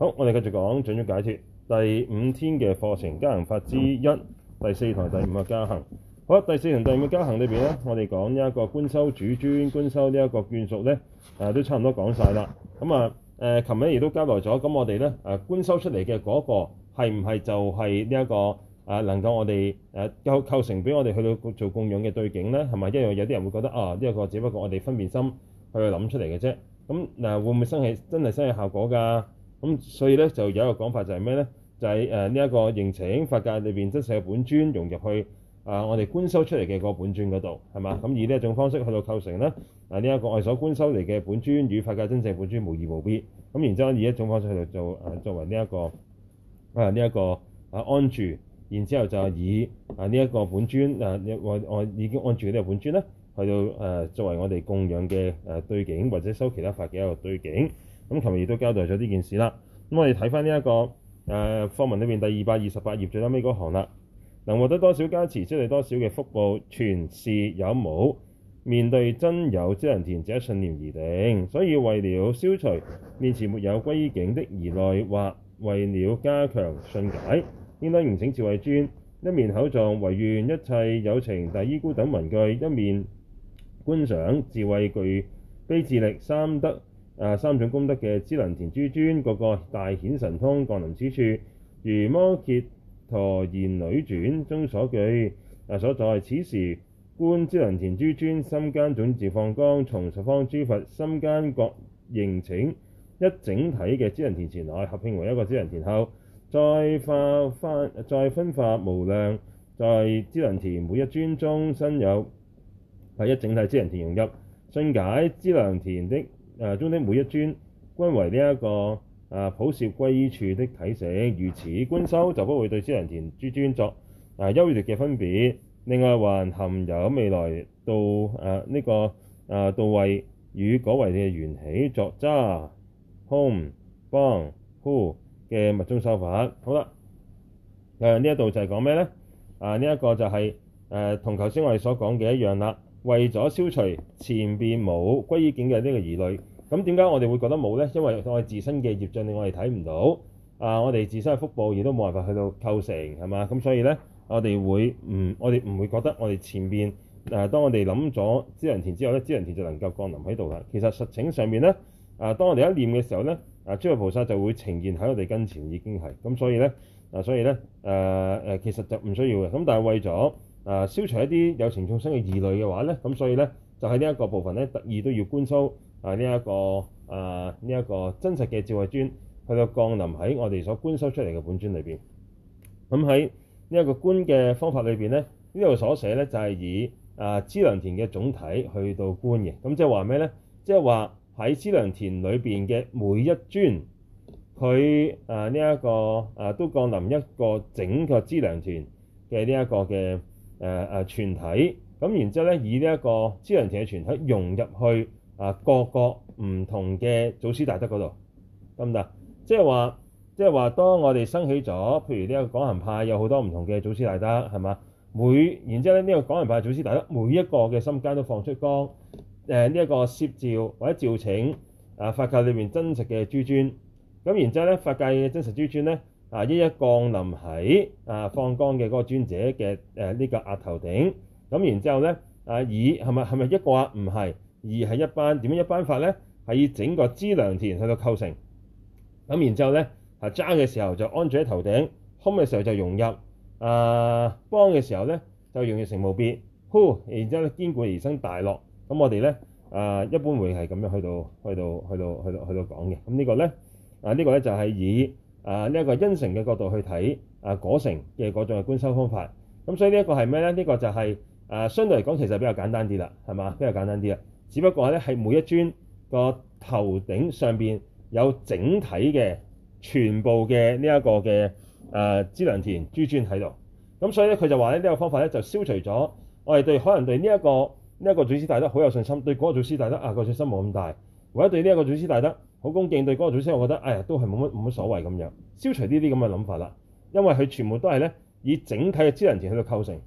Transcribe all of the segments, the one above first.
好，我哋繼續講《準宗解脫》第五天嘅課程，加行法之一第四堂第五個加行。好啦，第四堂第五個加行裏邊咧，我哋講一個觀修主尊、觀修呢一個眷屬咧、啊，都差唔多講晒啦。咁啊誒，琴日亦都交流咗。咁我哋咧誒觀修出嚟嘅嗰個係唔係就係呢一個、啊、能夠我哋誒、啊、構成俾我哋去到做供養嘅對境咧？係咪一樣有啲人會覺得啊？呢、這、一個只不過我哋分辨心去諗出嚟嘅啫。咁嗱、啊、會唔會生起真係生起效果㗎？咁、嗯、所以咧就有一個講法就係咩咧？就喺誒呢一個迎請法界裏邊真實嘅本尊融入去啊、呃，我哋觀修出嚟嘅嗰個本尊嗰度，係嘛？咁、嗯、以呢一種方式去到構成啦。啊、呃，呢、這、一個我所觀修嚟嘅本尊與法界真正的本尊無二無別。咁然之後以一種方式去到做啊、呃，作為呢、這、一個啊，呢、呃、一、這個啊安住。然之後就以啊呢一個本尊啊，我、呃、我已經安住呢個本尊咧，去到誒、呃、作為我哋供養嘅誒、呃、對境，或者修其他法嘅一個對境。咁琴日亦都交代咗呢件事啦。咁我哋睇翻呢一個誒課文裏面第二百二十八頁最後尾嗰行啦，能獲得多少加持，即得多少嘅福報，全視有無面對真有資糧田者信念而定。所以為了消除面前沒有皈依境的疑慮，或為了加強信解，應當迎請智慧尊，一面口誦惟願一切有情大依怙等文句，一面觀想智慧具悲智力三德。誒、啊、三種功德嘅資糧田諸尊，個個大顯神通降臨此處。如《摩竭陀賢女傳》中所記，啊所在此時，觀資糧田諸尊心間種子字放光，從十方諸佛心間各迎請一整體嘅資糧田前來，合併為一個資糧田後，再化化再分化無量，在資糧田每一尊中身有係一整體資糧田融入，信解資糧田的。誒、啊、中的每一尊，均為呢、這、一個誒、啊、普攝歸依處的體證。如此觀修，就不會對私人田諸尊作誒、啊、優越嘅分別。另外，還含有未來到誒呢、啊，這個誒、啊、到位與果位嘅緣起作渣。home、b who 嘅物中修法。好啦，誒，呢一度就係講咩咧？啊，這呢一、啊，這個就係誒同頭先我哋所講嘅一樣啦，為咗消除前邊冇歸依境嘅呢個疑慮。咁點解我哋會覺得冇咧？因為我哋自身嘅業障令，我哋睇唔到啊！我哋自身嘅福報亦都冇辦法去到構成，係嘛？咁所以咧，我哋會唔我哋唔會覺得我哋前面？誒、啊，當我哋諗咗資糧田之後咧，資糧田就能夠降臨喺度啦。其實實情上面咧，啊，當我哋一念嘅時候咧，啊，諸佛菩薩就會呈現喺我哋跟前，已經係咁、啊。所以咧，嗱，所以咧，其實就唔需要嘅。咁但係為咗、啊、消除一啲有情眾生嘅疑慮嘅話咧，咁所以咧，就喺呢一個部分咧，特意都要觀修。啊！呢一個啊，呢一個真實嘅智慧尊去到降臨喺我哋所觀修出嚟嘅本尊裏面。咁喺呢一個觀嘅方法裏面呢，咧，呢度所寫咧就係以啊資糧田嘅總體去到觀嘅。咁即係話咩咧？即係話喺資糧田裏面嘅每一尊，佢啊呢一個啊都降臨一個整個資糧田嘅呢一個嘅誒誒全體。咁然之後咧，以呢一個資糧田嘅全體融入去。啊！各個唔同嘅祖師大德嗰度得唔得？即係話，即係話，當我哋升起咗，譬如呢一個港人派有好多唔同嘅祖師大德，係嘛？每然之後咧，呢、這個港人派嘅祖師大德每一個嘅心間都放出光，誒呢一個攝召或者召請啊，法界裏面真實嘅智尊。咁、啊、然之後咧，法界嘅真實智尊咧啊，一一降臨喺啊放光嘅嗰個尊者嘅誒、啊這個啊、呢個額頭頂。咁然之後咧啊耳係咪係咪一個啊？唔係。而係一般點樣一般法咧？係以整個資糧田去到構成，咁然之後咧，係揸嘅時候就安住喺頭頂，空嘅時候就融入啊，幫嘅時候咧就容易成無別，呼，然之後咧堅固而生大樂。咁我哋咧啊，一般會係咁樣去到去到去到去到去到講嘅。咁呢個咧啊，呢個咧就係以啊呢一個因成嘅角度去睇啊果成嘅嗰種嘅觀修方法。咁所以呢一個係咩咧？呢個就係啊相對嚟講其實比較簡單啲啦，係嘛，比較簡單啲啊。只不過咧，係每一尊個頭頂上面有整體嘅全部嘅呢一個嘅誒資糧田諸尊喺度，咁所以咧佢就話咧呢個方法咧就消除咗我哋對可能對呢、這、一個呢一、這個祖師大德好有信心，對嗰個祖師大德啊、嗰個信心冇咁大，或者對呢一個祖師大德好恭敬，對嗰個祖師我覺得哎呀都係冇乜冇乜所謂咁樣，消除呢啲咁嘅諗法啦，因為佢全部都係咧以整體嘅資糧田喺度構成，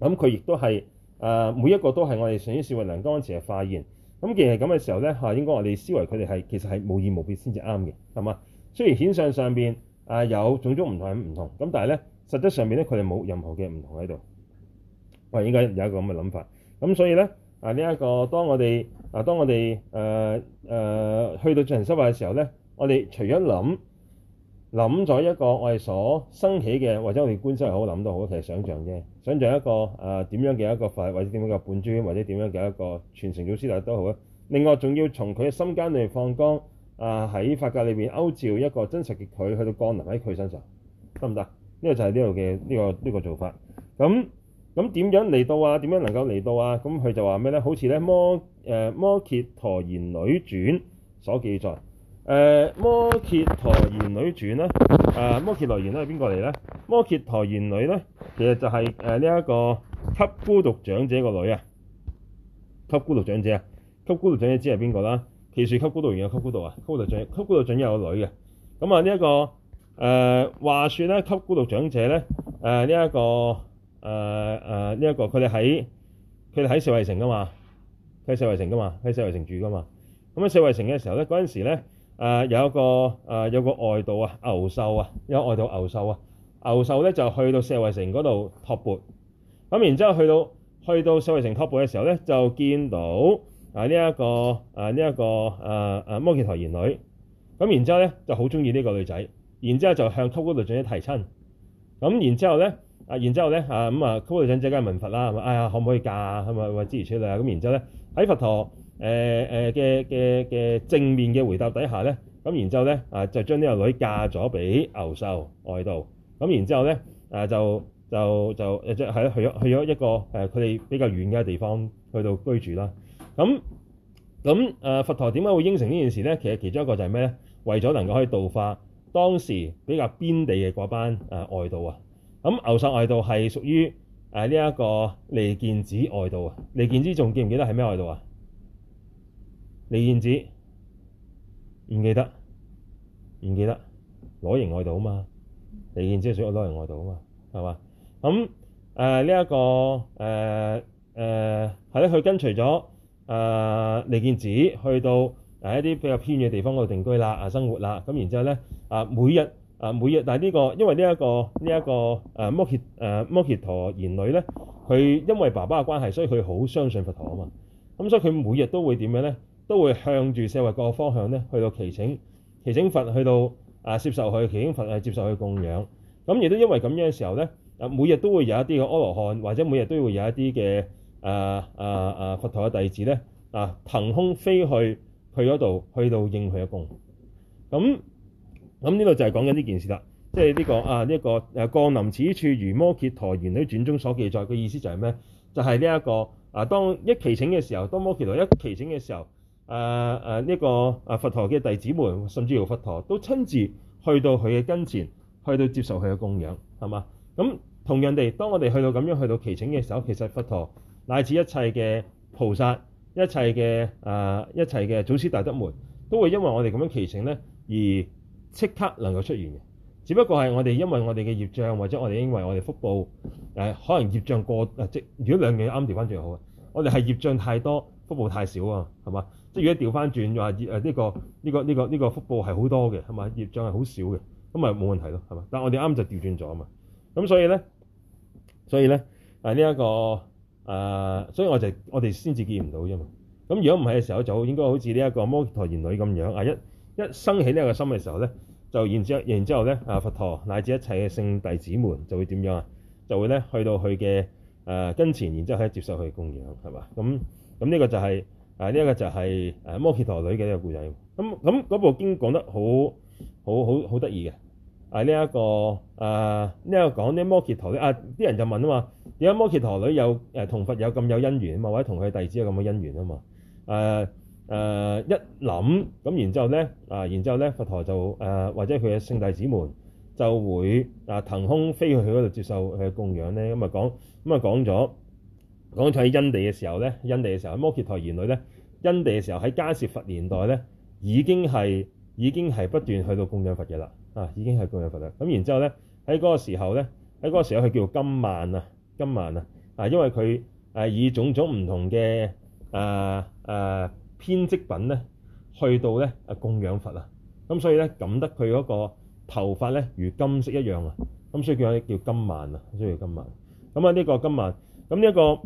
咁佢亦都係。誒、呃、每一個都係我哋上天示慧能當時嘅發現，咁既然係咁嘅時候咧嚇、啊，應該我哋思維佢哋係其實係無二無別先至啱嘅，係嘛？雖然顯相上邊誒、啊、有種種唔同唔同，咁但係咧實質上邊咧佢哋冇任何嘅唔同喺度。我應該有一個咁嘅諗法，咁所以咧啊呢一、這個當我哋啊當我哋誒誒去到進行修法嘅時候咧，我哋除咗諗諗咗一個我哋所生起嘅或者我哋觀心又好諗都好，其實想象啫。想像一個誒點、呃、樣嘅一個法，或者點樣嘅本尊，或者點樣嘅一個傳承祖師大都好啊。另外，仲要從佢嘅心間裏放光，啊、呃、喺法界裏面勾召一個真實嘅佢，去到降臨喺佢身上，得唔得？呢、呢個就係呢度嘅呢個呢、呢個做法。咁咁點樣嚟到啊？點樣能夠嚟到啊？咁佢就話咩咧？好似咧《摩誒、呃、摩竭陀賢女傳》所記載。誒、呃《摩竭陀賢女傳》咧，誒《摩竭陀賢》咧係邊個嚟咧？《摩竭陀賢女》咧，其實就係誒呢一個給孤獨長者個女啊。給孤獨長者啊，給孤獨長者知係邊個啦？祇樹給孤獨園，有給孤獨啊！給孤獨長，給孤獨長有女的、嗯這個女嘅。咁、呃、啊，呢一個誒話説咧，給孤獨長者咧，誒呢一個誒誒呢一個，佢哋喺佢哋喺舍衛城噶嘛，喺舍衛城噶嘛，喺舍衛城，城住噶嘛。咁、嗯、喺舍衛城嘅時候咧，嗰陣時咧。誒、呃、有一個、呃、有一個外道啊，牛獸啊，有個外道牛獸啊，牛獸咧就去到舍衛城嗰度托缽，咁然之後去到去到舍衛城托缽嘅時候咧，就見到啊呢一個啊呢一個摩竭陀賢女，咁然之後咧就好中意呢個女仔，然之後就向給孤獨長者提親，咁然之後咧啊窟窟然之後咧啊咁啊給孤獨長者梗係問佛啦，係咪哎呀可唔可以嫁咁咪咪諸如此類啊，咁然之後咧喺佛陀。誒誒嘅嘅嘅正面嘅回答底下咧，咁然之後咧啊，就將呢個女嫁咗俾牛秀外道。咁然之後咧就就就誒即係去咗去咗一個誒佢哋比較遠嘅地方去到居住啦。咁咁誒佛陀點解會應承呢件事咧？其實其中一個就係咩咧？為咗能夠可以度化當時比較邊地嘅嗰班誒外道啊。咁牛秀外道係屬於呢一個利見子外道啊。利見子仲記唔記得係咩外道啊？李燕子，唔記得？唔記得裸形外道嘛？李燕之所以裸形外道嘛，係嘛？咁誒呢一個誒誒係咧，佢、呃呃、跟隨咗誒、呃、李燕子去到誒一啲比較偏遠嘅地方度定居啦、啊生活啦。咁然之後咧啊、呃，每日啊、呃、每日，但係呢、這個因為、這個這個呃呃、女呢一個呢一個誒摩竭誒摩竭陀賢女咧，佢因為爸爸嘅關係，所以佢好相信佛陀啊嘛。咁、嗯、所以佢每日都會點樣咧？都會向住四圍各個方向咧，去到祈請祈請佛，去到啊接受去祈請佛，係接受去供養。咁亦都因為咁樣嘅時候咧，啊每日都會有一啲嘅阿羅漢，或者每日都會有一啲嘅啊啊啊佛陀嘅弟子咧啊騰空飛去佢嗰度，去到應佢嘅供。咁咁呢度就係講緊呢件事啦。即係呢個啊呢、呢個誒、啊、降臨此處如摩竭陀賢女傳中所記載嘅意思就係咩？就係呢一個啊當一祈請嘅時候，當摩竭陀一祈請嘅時候。誒誒呢個誒佛陀嘅弟子們，甚至乎佛陀都親自去到佢嘅跟前，去到接受佢嘅供養，係嘛？咁同樣地，當我哋去到咁樣去到祈請嘅時候，其實佛陀乃至一切嘅菩薩、一切嘅誒、啊、一切嘅祖師大德們，都會因為我哋咁樣祈請咧，而即刻能夠出現嘅。只不過係我哋因為我哋嘅業障，或者我哋因為我哋福報誒，可能業障過，即如果兩樣啱調翻最好，我哋係業障太多，福報太少啊，係嘛？如果調翻轉話，葉誒呢個呢個呢個呢個福報係好多嘅，係嘛？業障係好少嘅，咁咪冇問題咯，係嘛？但係我哋啱就調轉咗啊嘛。咁所以咧，所以咧，誒呢一個誒、啊，所以我就我哋先至見唔到啫嘛。咁如果唔係嘅時候，就應該好似呢一個摩竭陀賢女咁樣啊，一一生起呢個心嘅時候咧，就然之後，然之後咧，啊佛陀乃至一切嘅聖弟子們就會點樣啊？就會咧去到佢嘅誒跟前，然之後係接受佢嘅供養，係嘛？咁咁呢個就係、是。啊！呢、這、一個就係誒摩竭陀女嘅呢個故仔。咁咁嗰部經講得好好好好得意嘅。啊！呢、這、一個啊呢、這個講啲摩竭陀女啊，啲人就問啊嘛，點解摩竭陀女有誒同佛有咁有姻緣,有有姻緣啊,啊,啊,啊？或者同佢弟子有咁嘅姻緣啊？嘛誒誒一諗咁，然之後咧啊，然之後咧佛陀就誒，或者佢嘅聖弟子們就會啊騰空飛去佢度接受佢嘅供養咧。咁、嗯、啊、嗯嗯嗯嗯嗯嗯、講咁啊講咗。講佢喺因地嘅時候咧，因地嘅時候喺摩竭陀賢女咧，因地嘅時候喺迦葉佛年代咧，已經係已經係不斷去到供養佛嘅啦。啊，已經係供養佛啦。咁、啊、然之後咧，喺嗰個時候咧，喺嗰個時候佢叫做金曼啊，金曼啊。啊，因為佢誒以種種唔同嘅誒誒編織品咧，去到咧啊供養佛啊。咁所以咧，錦得佢嗰個頭髮咧，如金色一樣啊。咁所以叫叫金曼啊，所以叫金曼。咁啊，呢、啊這個金曼，咁呢一個。啊這個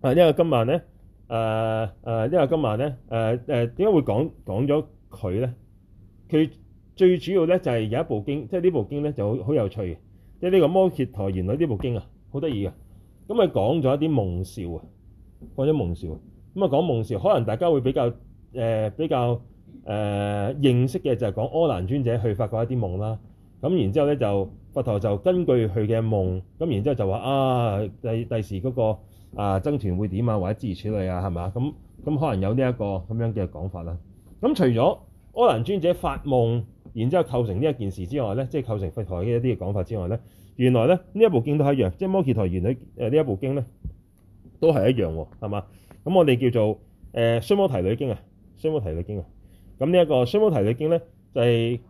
啊、呃！因為今晚咧，誒、呃、誒，因為今晚咧，誒誒，點解會講講咗佢咧？佢最主要咧就係有一部經，即係呢部經咧就好好有趣嘅。即係呢、這個《摩竭陀》原來呢部經啊，好得意嘅。咁啊，講咗一啲夢兆啊，講咗夢兆。咁啊，講夢兆，可能大家會比較誒、呃、比較誒、呃、認識嘅就係講阿難尊者去發過一啲夢啦。咁然之後咧，就佛陀就根據佢嘅夢，咁然之後就話啊，第第時嗰個。啊，僧團會點啊？或者支持處理啊？係嘛？咁咁可能有呢、這、一個咁樣嘅講法啦。咁除咗柯蘭尊者發夢，然之後構成呢一件事之外咧，即係構成佛台嘅一啲嘅講法之外咧，原來咧呢這一部經都係一樣，即係《摩竭陀賢女》誒呢一部經咧都係一樣喎，係嘛？咁我哋叫做誒《雙、呃、摩提女經》啊，《雙摩提女經》啊。咁呢一個《雙摩提女經》咧就係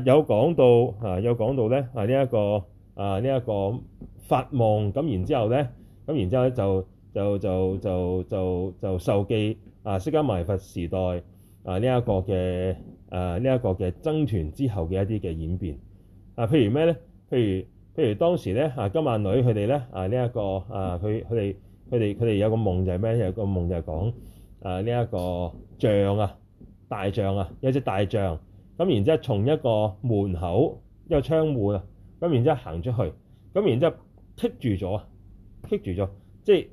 誒有講到啊，有講到咧、呃、啊呢一、這個啊呢一個發夢，咁然之後咧。咁然後、啊啊啊、之後咧就就就就就就受記啊，釋迦埋佛時代啊呢一個嘅誒呢一個嘅爭權之後嘅一啲嘅演變啊，譬如咩咧？譬如譬如當時咧啊，金曼女佢哋咧啊呢一、這個啊佢佢哋佢哋佢哋有個夢就係咩？有個夢就係講啊呢一個象啊大象啊有一隻大象咁，然之後從一個門口一個窗戶啊咁，然之後行出去咁，然之後踢住咗啊！棘住咗，即係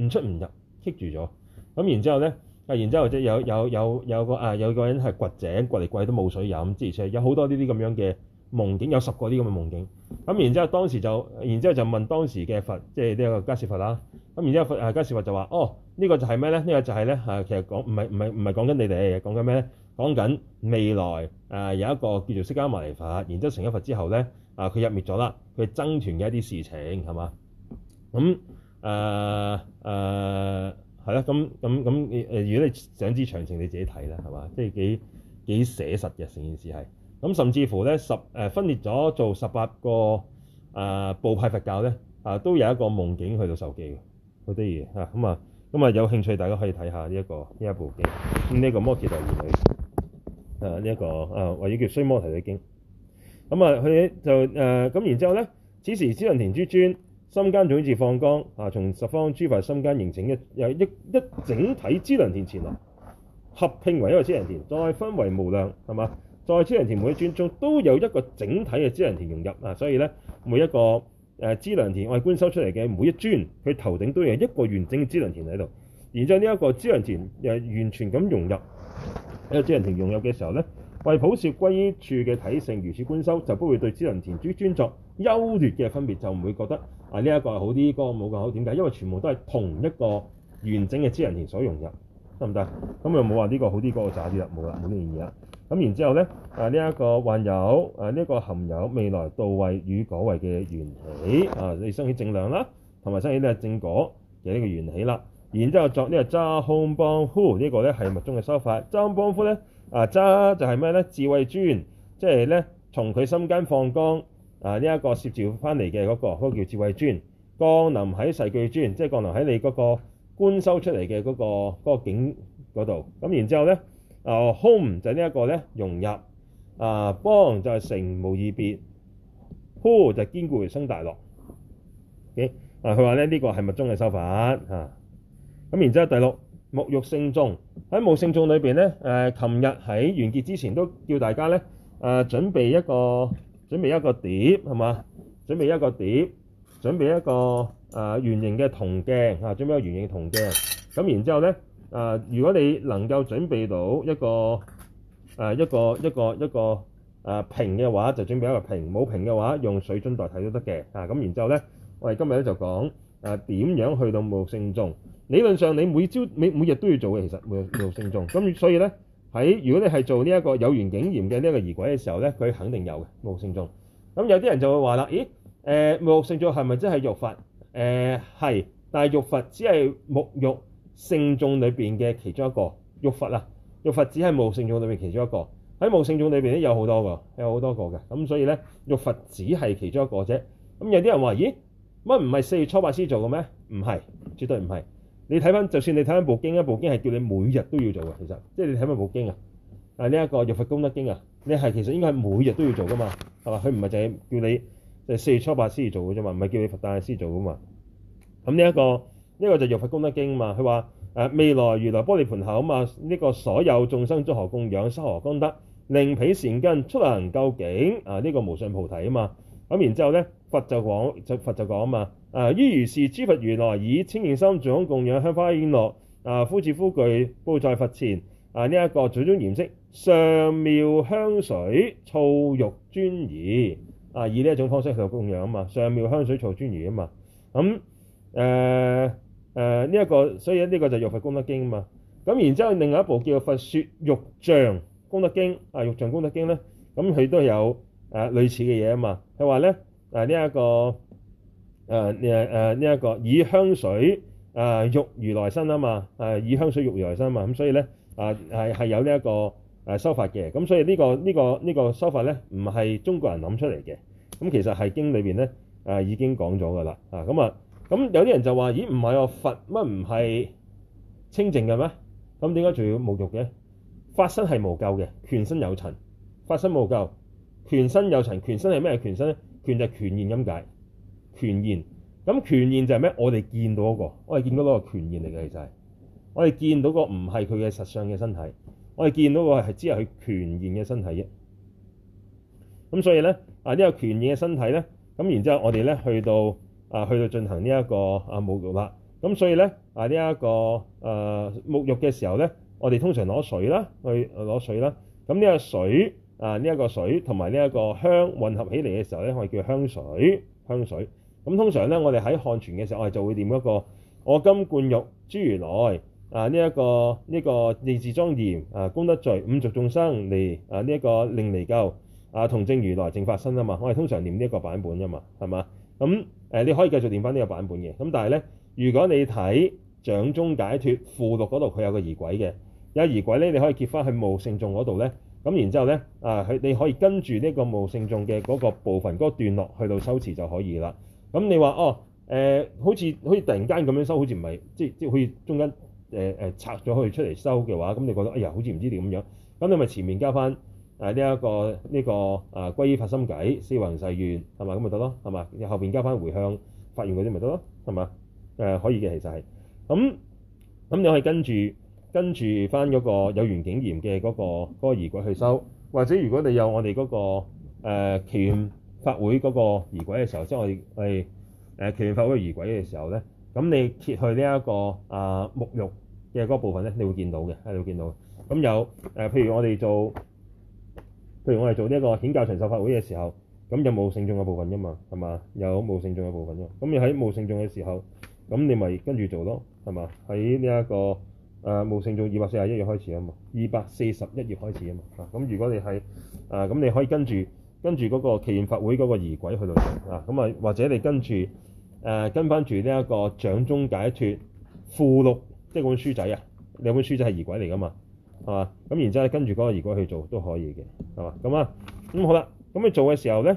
唔出唔入，棘住咗。咁然之後咧，啊，然之後即有有有有個啊，有個人係掘井，掘嚟掘都冇水飲。即係有好多呢啲咁樣嘅夢境，有十個呢啲咁嘅夢境。咁然之後當時就，然之後就問當時嘅佛，即係呢個加士佛啦。咁然之後佛啊，迦斯佛就話：哦，呢、這個就係咩咧？呢、這個就係咧啊，其實講唔係唔係唔係講緊你哋，講緊咩咧？講緊未來啊、呃，有一個叫做釋迦牟尼佛，然之後成咗佛之後咧，啊、呃，佢入滅咗啦，佢爭團嘅一啲事情係嘛？咁誒誒係咯，咁咁咁誒如果你想知詳情，你自己睇啦，係嘛？即、就、係、是、幾幾寫實嘅成件事係。咁甚至乎咧十誒、呃、分裂咗做十八個啊部、呃、派佛教咧啊、呃，都有一個夢境去到受記嘅。好得意嚇，咁啊咁啊，啊，啊，啊，啊有興趣大家可以睇下呢一個呢一部經，咁、啊、呢、這個摩竭陀賢女誒呢一個啊，或者叫須摩提女經。咁啊，佢、啊、哋就誒咁、啊啊，然之後咧，此時資糧田諸尊。心間種子字放光，啊！從十方諸佛心間形成一一一整體資糧田前啊，合併為一個資糧田，再分為無量係嘛？再資糧田每一尊中都有一個整體嘅資糧田融入啊！所以咧，每一個誒、啊、資糧田我哋觀修出嚟嘅每一尊，佢頭頂都有一個完整嘅資糧田喺度。然之後呢一個資糧田又完全咁融入一個資糧田融入嘅時候咧，為普攝歸處嘅體性如此觀修，就不會對資糧田諸尊作優劣嘅分別，就唔會覺得。呢、啊這個、一些、這個係好啲，嗰個冇咁好。點解？因為全部都係同一個完整嘅資糧田所融入，得唔得？咁又冇話呢個好啲，嗰、那個渣啲啦，冇啦，冇咩意義啦。咁然之後咧，啊呢一、這個還有啊呢一、這個含有未來道位與果位嘅緣起啊，你升起正量啦，同埋升起呢個正果嘅呢個緣起啦。然之後作呢、這個扎空邦呼呢個咧係密宗嘅修法。扎空邦呼咧啊扎就係咩咧？智、這、慧、個這個、尊，即係咧從佢心間放光。啊！呢、這、一個攝召翻嚟嘅嗰個嗰、那個叫智慧尊降臨喺誓句尊，即係降臨喺你嗰個觀修出嚟嘅嗰個嗰、那個境嗰度。咁然之後咧，啊，home 就呢一個咧融入，啊，born 就係成無二別，who 就堅固生大樂。OK，嗱、啊，佢話咧呢、這個係密宗嘅修法嚇。咁、啊、然之後第六，沐浴聖眾喺無聖眾裏邊咧。誒、啊，琴日喺完結之前都叫大家咧誒、啊、準備一個準備一個碟，係嘛？準備一個碟，準備一個、呃、圓形嘅銅鏡、啊，準備一個圓形銅鏡。咁然之後咧、呃，如果你能夠準備到一個瓶、呃、一個一個一嘅、呃、話，就準備一個瓶，冇瓶嘅話，用水樽代替都得嘅。啊，咁然之後咧，我哋今日咧就講誒點、呃、樣去到沐浴聖眾。理論上你每朝每每日都要做嘅，其實沐沐浴聖眾。咁所以咧。喺如果你係做呢一個有緣境現嘅呢一個儀軌嘅時候咧，佢肯定有嘅沐浴聖眾。咁有啲人就會話啦：咦，誒沐浴聖眾係咪真係浴佛？誒、呃、係，但係浴佛只係沐浴聖眾裏邊嘅其中一個浴佛啊。浴佛只係沐浴聖眾裏面其中一個，喺沐浴聖眾裏邊咧有好多個，有好多個嘅。咁所以咧，浴佛只係其中一個啫。咁有啲人話：咦，乜唔係四月初八先做嘅咩？唔係，絕對唔係。你睇翻，就算你睇翻《部經》，一部經係叫你每日都要做嘅，其實，即係你睇翻《部經》啊。啊，呢一個《浴佛功德經》啊，你係其實應該係每日都要做噶嘛，係嘛？佢唔係就係叫你誒、就是、四月初八先做嘅啫嘛，唔係叫你佛誕先做噶嘛。咁呢一個，呢、這個就是《浴佛功德經》啊嘛。佢話誒未來如來玻璃盤口啊嘛，呢、這個所有眾生諸河供養修河功德，令彼善根出能究竟啊呢、這個無上菩提啊嘛。咁、嗯、然之後咧，佛就講，就佛就講啊嘛。啊！於如是，諸佛如來以清淨心種供養香花瓔珞，啊，呼至呼具布在佛前，啊，呢、這、一個最終言式，上妙香水醋肉尊儀，啊，以呢一種方式去供養啊嘛，上妙香水醋尊儀啊嘛。咁誒誒，呢、呃、一、呃這個所以呢個就是《浴佛功德經》啊嘛。咁然之後，另外一部叫佛說《佛説浴像功德經》，啊，《浴像功德經呢》咧、嗯，咁佢都有誒、啊、類似嘅嘢啊嘛。佢話咧，誒呢一個。誒誒誒呢一個以香水誒浴、啊、如來身啊嘛、誒、啊、以香水浴如來身啊嘛。咁所以咧，啊係係有呢一個誒修法嘅。咁所以呢、啊、個、啊以這個這個這個、呢個呢個修法咧，唔係中國人諗出嚟嘅，咁其實係經裏邊咧誒已經講咗㗎啦。啊咁啊咁、啊啊啊、有啲人就話，咦唔係我佛乜唔係清淨嘅咩？咁點解仲要沐浴嘅？法身係無垢嘅，權身有塵。法身無垢，權身有塵。權身係咩？權身咧，權就權現咁解。權現，咁權現就係咩？我哋見到嗰、嗰個，我哋見到嗰個權現嚟嘅，其實係我哋見到個唔係佢嘅實相嘅身體，我哋見到個係只係佢權現嘅身體啫。咁所以咧啊呢、呢個權現嘅身體咧，咁然之後我哋咧去到啊去到進行呢一個啊沐浴啦。咁所以咧啊呢一個誒沐浴嘅時候咧，我哋通常攞水啦去攞水啦。咁呢、啊、個水啊呢一、呢個水同埋呢一個香混合起嚟嘅時候咧，我哋叫香水香水。咁通常咧，我哋喺漢傳嘅時候，我哋就會念一個我今灌浴諸如來啊呢一個呢個淨智莊嚴」，啊，、這個這個、啊功德聚五濁眾生嚟啊呢一、這個令離垢啊同證如來淨法身啊嘛，我哋通常念呢一個版本噶嘛，係嘛？咁你可以繼續念翻呢個版本嘅。咁但係咧，如果你睇掌中解脫附錄嗰度，佢有個儀軌嘅，有儀軌咧，你可以揭翻去沐浴聖眾嗰度咧。咁然之後咧啊，佢你可以跟住呢個沐浴聖眾嘅嗰個部分嗰、那個段落去到收詞就可以啦。咁你話哦，誒、呃、好似好似突然間咁樣收，好似唔係即即好似中間誒誒、呃、拆咗可出嚟收嘅話，咁你覺得哎呀，好似唔知點咁樣。咁你咪前面加翻誒呢一個呢個啊皈依發心偈、四弘誓願係嘛，咁咪得咯，係嘛？後邊加翻回向發願嗰啲咪得咯，係嘛？誒、呃、可以嘅，其實係。咁咁你可以跟住跟住翻嗰個有緣景嚴嘅嗰個嗰、嗰個儀軌去收，或者如果你有我哋嗰、嗰個誒、呃法會嗰個儀軌嘅時候，即係我哋誒誒祈願法會儀軌嘅時候咧，咁你揭去呢、這、一個啊、呃、沐浴嘅嗰部分咧，你會見到嘅，係你會見到嘅。咁有誒、呃，譬如我哋做譬如我哋做呢一個顯教層授受法會嘅時候，咁有無聖眾嘅部分㗎嘛，係嘛？有無聖眾嘅部分㗎。咁你喺無聖眾嘅時候，咁你咪跟住做咯，係嘛？喺呢一個誒、呃、無聖眾二百四十一頁開始啊嘛，二百四十一頁開始啊嘛。嚇，咁如果你係誒，咁、呃、你可以跟住。跟住嗰個祈願法會嗰個儀軌去到啊，咁啊或者你跟住誒、啊、跟翻住呢一個掌中解脫附錄，即係、就是、本書仔那本書啊，兩本書仔係儀軌嚟噶嘛，係嘛？咁然之後跟住嗰個儀軌去做都可以嘅，係嘛？咁啊咁好啦，咁你做嘅時候咧，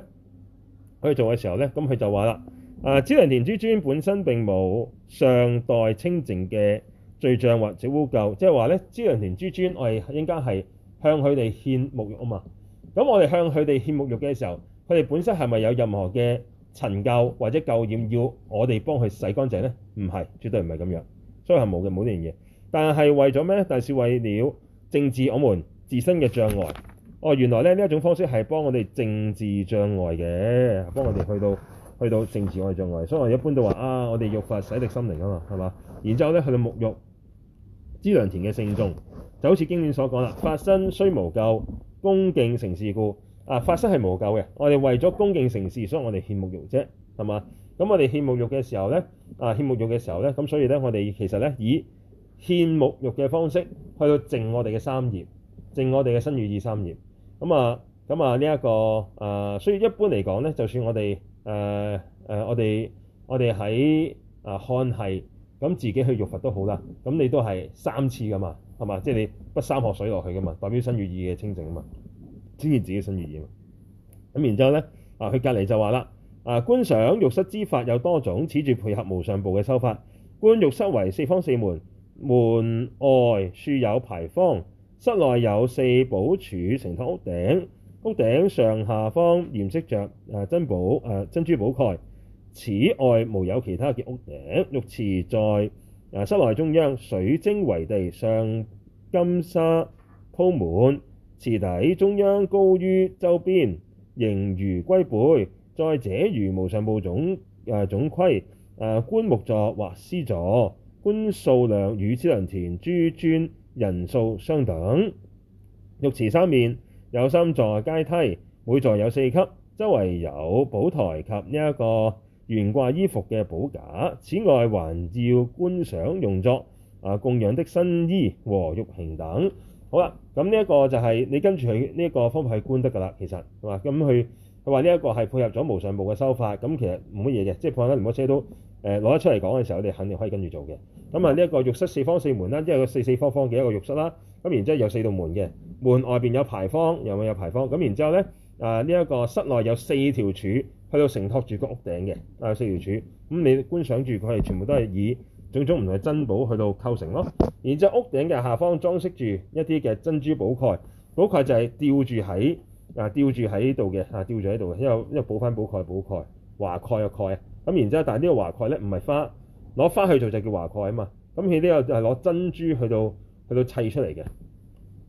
去做嘅時候咧，咁佢就話啦，誒資糧田諸尊本身並冇尚待清淨嘅罪障或者污垢，即係話咧資糧田諸尊，我哋應該係向佢哋獻沐浴啊嘛。咁我哋向佢哋獻沐浴嘅時候，佢哋本身係咪有任何嘅塵垢或者垢染要我哋幫佢洗乾淨呢？唔係，絕對唔係咁樣，所以係冇嘅，冇呢樣嘢。但係為咗咩？但係是為了淨治我們自身嘅障礙。哦，原來咧呢一種方式係幫我哋淨治障礙嘅，幫我哋去到去到淨治我哋障礙。所以我哋一般都話啊，我哋浴佛洗淨心靈啊嘛，係嘛？然之後咧去到沐浴資糧田嘅聖眾，就好似經典所講啦，法身雖無垢。」恭敬承事故啊！法身係無垢嘅，我哋為咗恭敬承事，所以我哋獻沐浴啫，係嘛？咁我哋獻沐浴嘅時候咧，啊，獻沐浴嘅時候咧，咁所以咧，我哋其實咧以獻沐浴嘅方式去到淨我哋嘅三業，淨我哋嘅身語意三業。咁啊，咁啊，呢、這、一個啊，所以一般嚟講咧，就算我哋誒誒，我哋我哋喺啊漢系咁自己去浴佛都好啦，咁你都係三次噶嘛。係嘛？即、就、係、是、你不三學水落去嘅嘛，代表身語意嘅清淨啊嘛，先至自己的身語意嘛。咁然之後咧，啊佢隔離就話啦，啊觀想浴室之法有多種，此處配合無上部嘅修法。觀浴室為四方四門，門外樹有牌坊，室內有四寶柱承托屋頂，屋頂上下方嚴飾着誒珍寶誒、啊、珍珠寶蓋，此外無有其他嘅屋頂。浴池在啊、室內中央水晶為地，上金沙鋪滿池底，中央高於周邊，形如龜背。再者如無上部總誒、啊、總軌觀木座或獅座，觀數量與資糧田諸尊人數相等。浴池三面有三座階梯，每座有四級。周圍有寶台及呢一個。懸掛衣服嘅寶架，此外還要觀想用作啊供養的新衣和浴瓶等。好啦，咁呢一個就係、是、你跟住佢呢一個方法去觀得㗎啦，其實係嘛？咁佢佢話呢一個係配合咗無上部嘅修法，咁其實冇乜嘢嘅，即係配合唔好車都攞得、呃、出嚟講嘅時候，你肯定可以跟住做嘅。咁啊，呢一個浴室四方四門啦，即係四四方方嘅一個浴室啦，咁然之後有四道門嘅，門外面有牌坊，入面有牌坊，咁然之後咧啊呢一、呢個室內有四條柱。去到承托住個屋頂嘅，啊四條柱，咁你觀賞住佢係全部都係以種種唔同嘅珍寶去到構成咯。然之後屋頂嘅下方裝飾住一啲嘅珍珠寶蓋，寶，蓋、啊啊、寶蓋，寶蓋就係吊住喺啊吊住喺度嘅，啊吊住喺度嘅，因為因為寶翻寶蓋寶蓋華蓋嘅蓋啊。咁然之後，但係呢個華蓋咧唔係花，攞花去做就叫華蓋啊嘛。咁佢呢個就係攞珍珠去到去到砌出嚟嘅。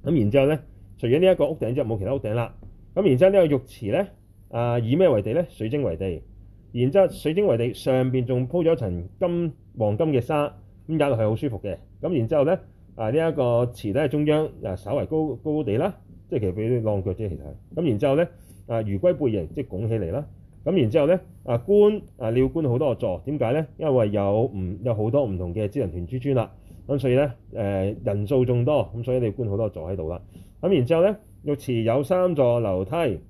咁然之後咧，除咗呢一個屋頂之外，冇其他屋頂啦。咁然之後呢個浴池咧。啊！以咩為地咧？水晶為地，然之後水晶為地上面仲鋪咗層金黃金嘅沙，咁踩落係好舒服嘅。咁然之後咧，啊呢一、這個池咧喺中央，啊稍為高高地啦，即係其實俾啲浪腳啫，其實。咁然之後咧，啊如龜背形，即係拱起嚟啦。咁然之後咧，啊觀啊你要觀好多個座，點解咧？因為有唔有好多唔同嘅資糧田諸尊啦。咁所以咧、呃，人數眾多，咁所以你要觀好多個座喺度啦。咁然之後咧，浴池有三座樓梯。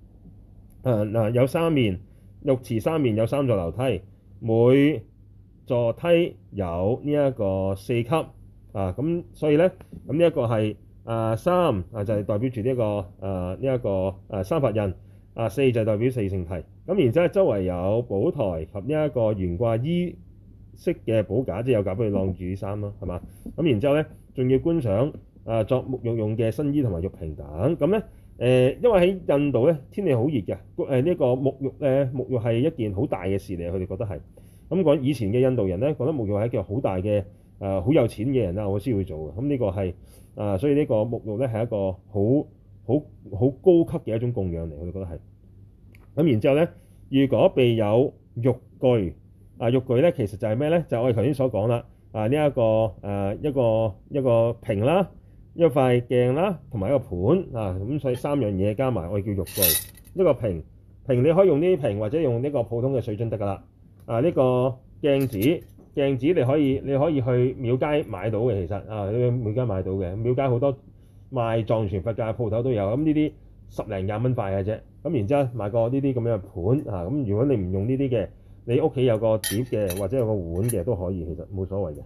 誒、嗯、嗱有三面浴池，三面有三座樓梯，每座梯有呢一個四級啊，咁所以咧，咁呢一個係誒三啊，三就係代表住呢一個誒呢一個誒、啊、三佛印啊，四就係代表四聖諦，咁然之後周圍有寶台及呢一個懸掛衣飾嘅寶架，即係有架俾佢晾住衫咯，係嘛？咁然之後咧，仲要觀想誒、啊、作沐浴用嘅新衣同埋浴瓶等，咁、嗯、咧。嗯嗯。誒，因為喺印度咧，天氣好熱嘅，誒、這、呢個沐浴咧、呃，沐浴係一件好大嘅事嚟，佢哋覺得係。咁講以前嘅印度人咧，覺得沐浴係一件好大嘅，誒好有錢嘅人啦，我先會做嘅。咁、這個呃、呢個係，啊，所以呢個沐浴咧係一個好好好高級嘅一種供養嚟，佢哋覺得係。咁然之後咧，如果備有浴具，啊浴具咧其實就係咩咧？就係、我哋頭先所講啦，啊呢、這個啊、一個誒一個一個瓶啦。一塊鏡啦，同埋一個盤啊，咁所以三樣嘢加埋我哋叫浴具。一個瓶，瓶你可以用呢啲瓶，或者用呢個普通嘅水樽得噶啦。啊，呢、呢個鏡子，鏡子你可以你可以去廟街買到嘅，其實啊，你廟街買到嘅，廟街好多賣藏傳佛教嘅鋪頭都有。咁呢啲十零廿蚊塊嘅啫。咁然之後買個呢啲咁樣嘅盤啊。咁如果你唔用呢啲嘅，你屋企有個碟嘅或者有個碗嘅都可以，其實冇所謂嘅。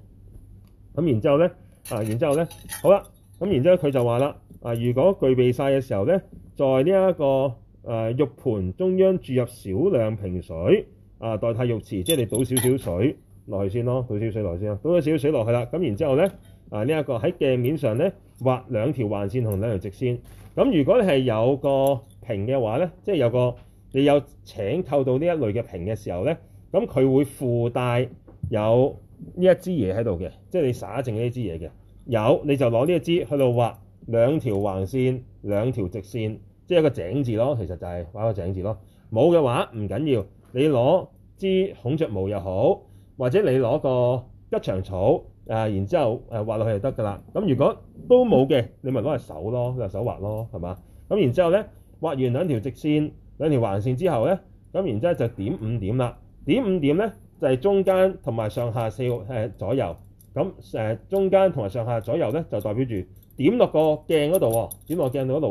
咁然之後咧啊，然之後咧、啊，好啦。咁然之後，佢就話啦，啊，如果具備晒嘅時候咧，在呢、這、一個誒、啊、浴盤中央注入少量瓶水，啊，代替浴池，即係你倒少少水落去先咯，倒少水落去先咯，倒咗少少水落去啦。咁然之後咧，啊呢一、啊這個喺鏡面上咧畫兩條橫線同兩條直線。咁、啊、如果你係有個瓶嘅話咧，即係有個你有請購到呢一類嘅瓶嘅時候咧，咁、啊、佢會附帶有呢一支嘢喺度嘅，即係你灑淨呢支嘢嘅。有你就攞呢一支去度畫兩條橫線、兩條直線，即係一個井字咯。其實就係畫個井字咯。冇嘅話唔緊要，你攞支孔雀毛又好，或者你攞個吉祥草，誒，然之後誒畫落去就得噶啦。咁如果都冇嘅，你咪攞係手咯，用手畫咯，係嘛？咁然之後咧，畫完兩條直線、兩條橫線之後咧，咁然之後就點五點啦。點五點咧就係中間同埋上下四誒左右。咁誒、呃、中間同埋上下左右咧，就代表住點落、哦哦啊個,啊、個鏡嗰度喎，點落鏡度嗰度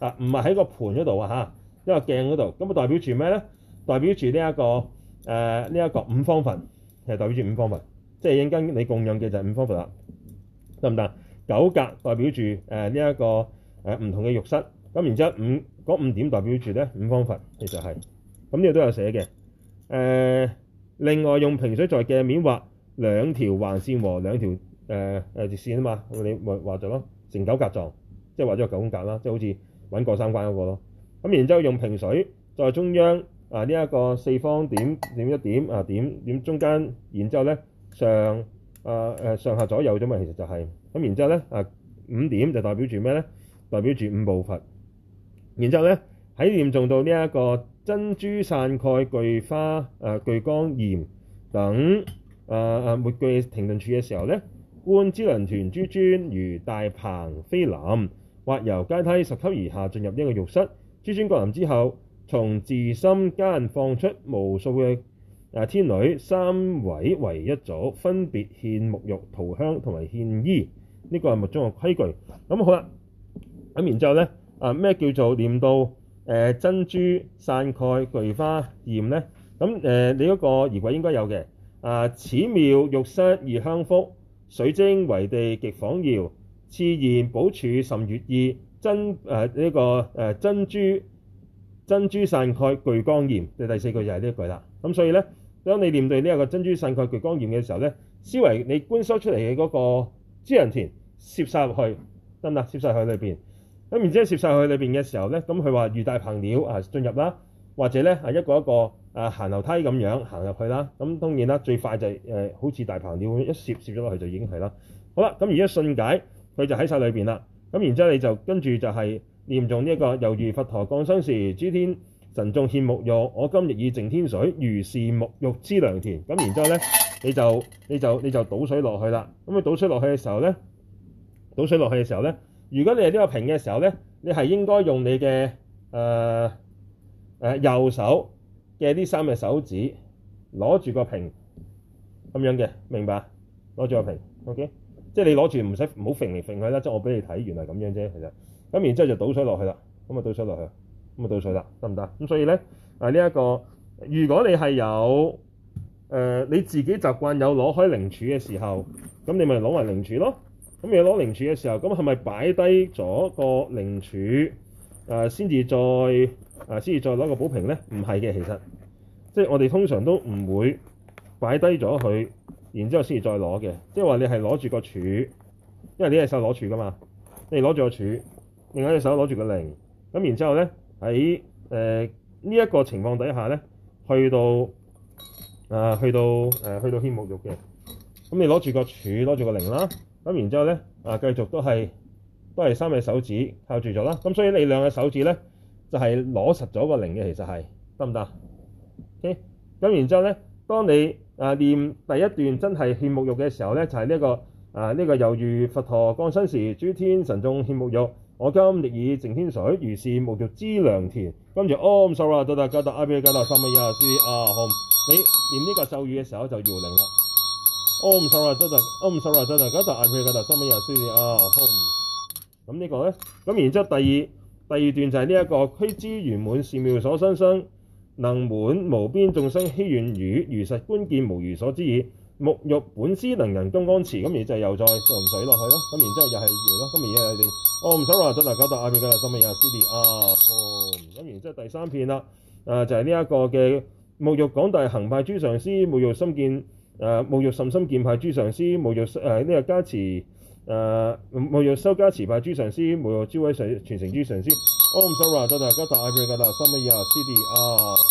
喎，啊唔係喺個盤嗰度啊嚇，因為鏡嗰度，咁啊代表住咩咧？代表住呢一個誒呢一個五方佛，其實代表住五方佛，即、就、係、是、應跟你共用嘅就係五方佛啦，得唔得？九格代表住呢一個唔、呃、同嘅浴室，咁然之後五嗰五點代表住咧五方佛，其實係，咁呢度都有寫嘅，誒、呃、另外用瓶水在鏡面畫。兩條橫線和兩條誒誒直線啊嘛，我哋畫咗咯，成九格狀，即係畫咗個九宮格啦，即係好似搵過三關嗰個咯。咁然之後用瓶水，在中央啊呢一、這個四方點點一點啊點點中間，然之後咧上、啊、上下左右咁嘛？其實就係、是、咁。然之後咧、啊、五點就代表住咩咧？代表住五部佛。然之後咧喺念中到呢一個珍珠傘蓋具花啊具光焰等。誒末句停頓處嘅時候咧，觀資糧田諸尊，如大鵬飛臨，或由階梯拾級而下進入呢個浴室。諸尊降臨之後，從自心間放出無數嘅天女，三位為一組，分別獻沐浴、塗香同埋獻衣。呢、這個係密宗嘅規矩。咁好啦，啊，咁然之後咧，咩、啊、叫做念到、呃、珍珠傘蓋具光焰咧？咁、呃、你嗰個儀軌應該有嘅。啊！此妙浴室異香馥，水晶為地極仿瑤。次現寶柱甚悅意。真誒呢、啊這個誒、啊、珍珠珍珠傘蓋具光焰。就是、第四句就係呢一句啦。咁所以咧，當你念到呢一個珍珠傘蓋具光焰嘅時候咧，思維你觀修出嚟嘅嗰個資人田攝晒入去，得唔得？攝晒去裏面。咁然之後攝晒去裏面嘅時候咧，咁佢話如大鵬鳥啊進入啦。或者咧，係一個一個誒行樓梯咁樣行入去啦。咁當然啦，最快就係誒，好似大鵬鳥一攝攝咗落去就已經係啦。好啦，咁而家信解佢就喺晒裏邊啦。咁然之後你就跟住就係念誦呢、這、一個猶如佛陀降生時，諸天神眾獻沐浴，我今亦以淨天水，如是沐浴之良田。咁然之後咧，你就你就你就倒水落去啦。咁你倒水落去嘅時候咧，倒水落去嘅時候咧，如果你係呢個瓶嘅時候咧，你係應該用你嘅誒。呃誒、呃、右手嘅呢三隻手指攞住個瓶咁樣嘅，明白？攞住個瓶，OK，即係你攞住唔使唔好揈嚟揈去啦，即係我俾你睇，原來咁樣啫，其實。咁然之後就倒水落去啦，咁啊倒水落去啦，咁啊倒水啦，得唔得？咁所以咧，誒呢一個，如果你係有誒、呃、你自己習慣有攞開鈴杵嘅時候，咁你咪攞埋鈴杵咯。咁你攞鈴杵嘅時候，咁係咪擺低咗個鈴杵，誒先至再？啊！先至再攞個保平咧，唔係嘅，其實即係我哋通常都唔會擺低咗佢，然之後先至再攞嘅。即係話你係攞住個柱，因為呢隻手攞柱㗎嘛，你攞住個柱，另外隻手攞住個零。咁然之後咧，喺誒呢一個情況底下咧，去到啊，去到誒，去到掀木肉嘅。咁你攞住個柱，攞住個零啦。咁然之後咧，啊，繼續都係都係三隻手指靠住咗啦。咁所以你兩隻手指咧。但係攞實咗個鈴嘅，其實係得唔得？咁、okay? 然之後咧，當你誒唸第一段真係獻沐浴嘅時候咧，就係呢一個呢、啊，這個猶如佛陀降生時，諸天神眾獻沐浴。我今亦以淨天水，如是沐浴資糧田。跟住哦，m sorry do da 阿 o da i p r a 啊，好，你念呢個咒語嘅時候就搖鈴啦。哦，m sorry do da om sorry do da go da i p 啊，好，咁呢個咧，咁然之後第二。第二段就係呢一個，虛之圓滿善妙所生身，能滿無邊眾生希願，如如實觀見無如所知耳。沐浴本師能仁東安慈，咁而就又再唔使落去咯。咁然之後又係完咯，咁而家又，又，又，又哦又，完。我唔想話咗大家讀下邊㗎啦，咁咪又係撕裂啊。咁然之後第三片啦，誒就係呢一個嘅沐浴廣大行派諸上師，沐浴深見，誒沐浴甚深見派諸上師，沐浴誒呢個加持。誒沐浴修加持派諸上師，沐浴諸位善傳承諸上師。Om Sora，得大家打阿彌陀佛啦，三藐三菩提啊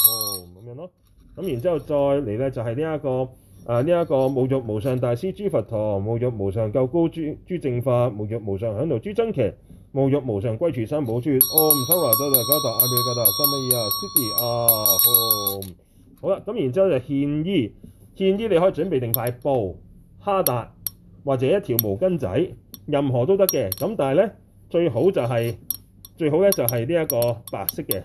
，hum 咁樣咯。咁然之後再嚟咧，就係呢一個呢一個沐浴無上大師諸佛陀，沐浴無上救高諸諸正法，沐浴無上響度諸真奇，沐浴無上歸處三寶處。Om Sora，得大家打阿彌陀佛啦，三藐三菩提啊，hum 好啦，咁然之後就獻衣，獻衣你可以準備定塊布，哈達或者一條毛巾仔，任何都得嘅。咁但係咧，最好就係最好咧就係呢一個白色嘅，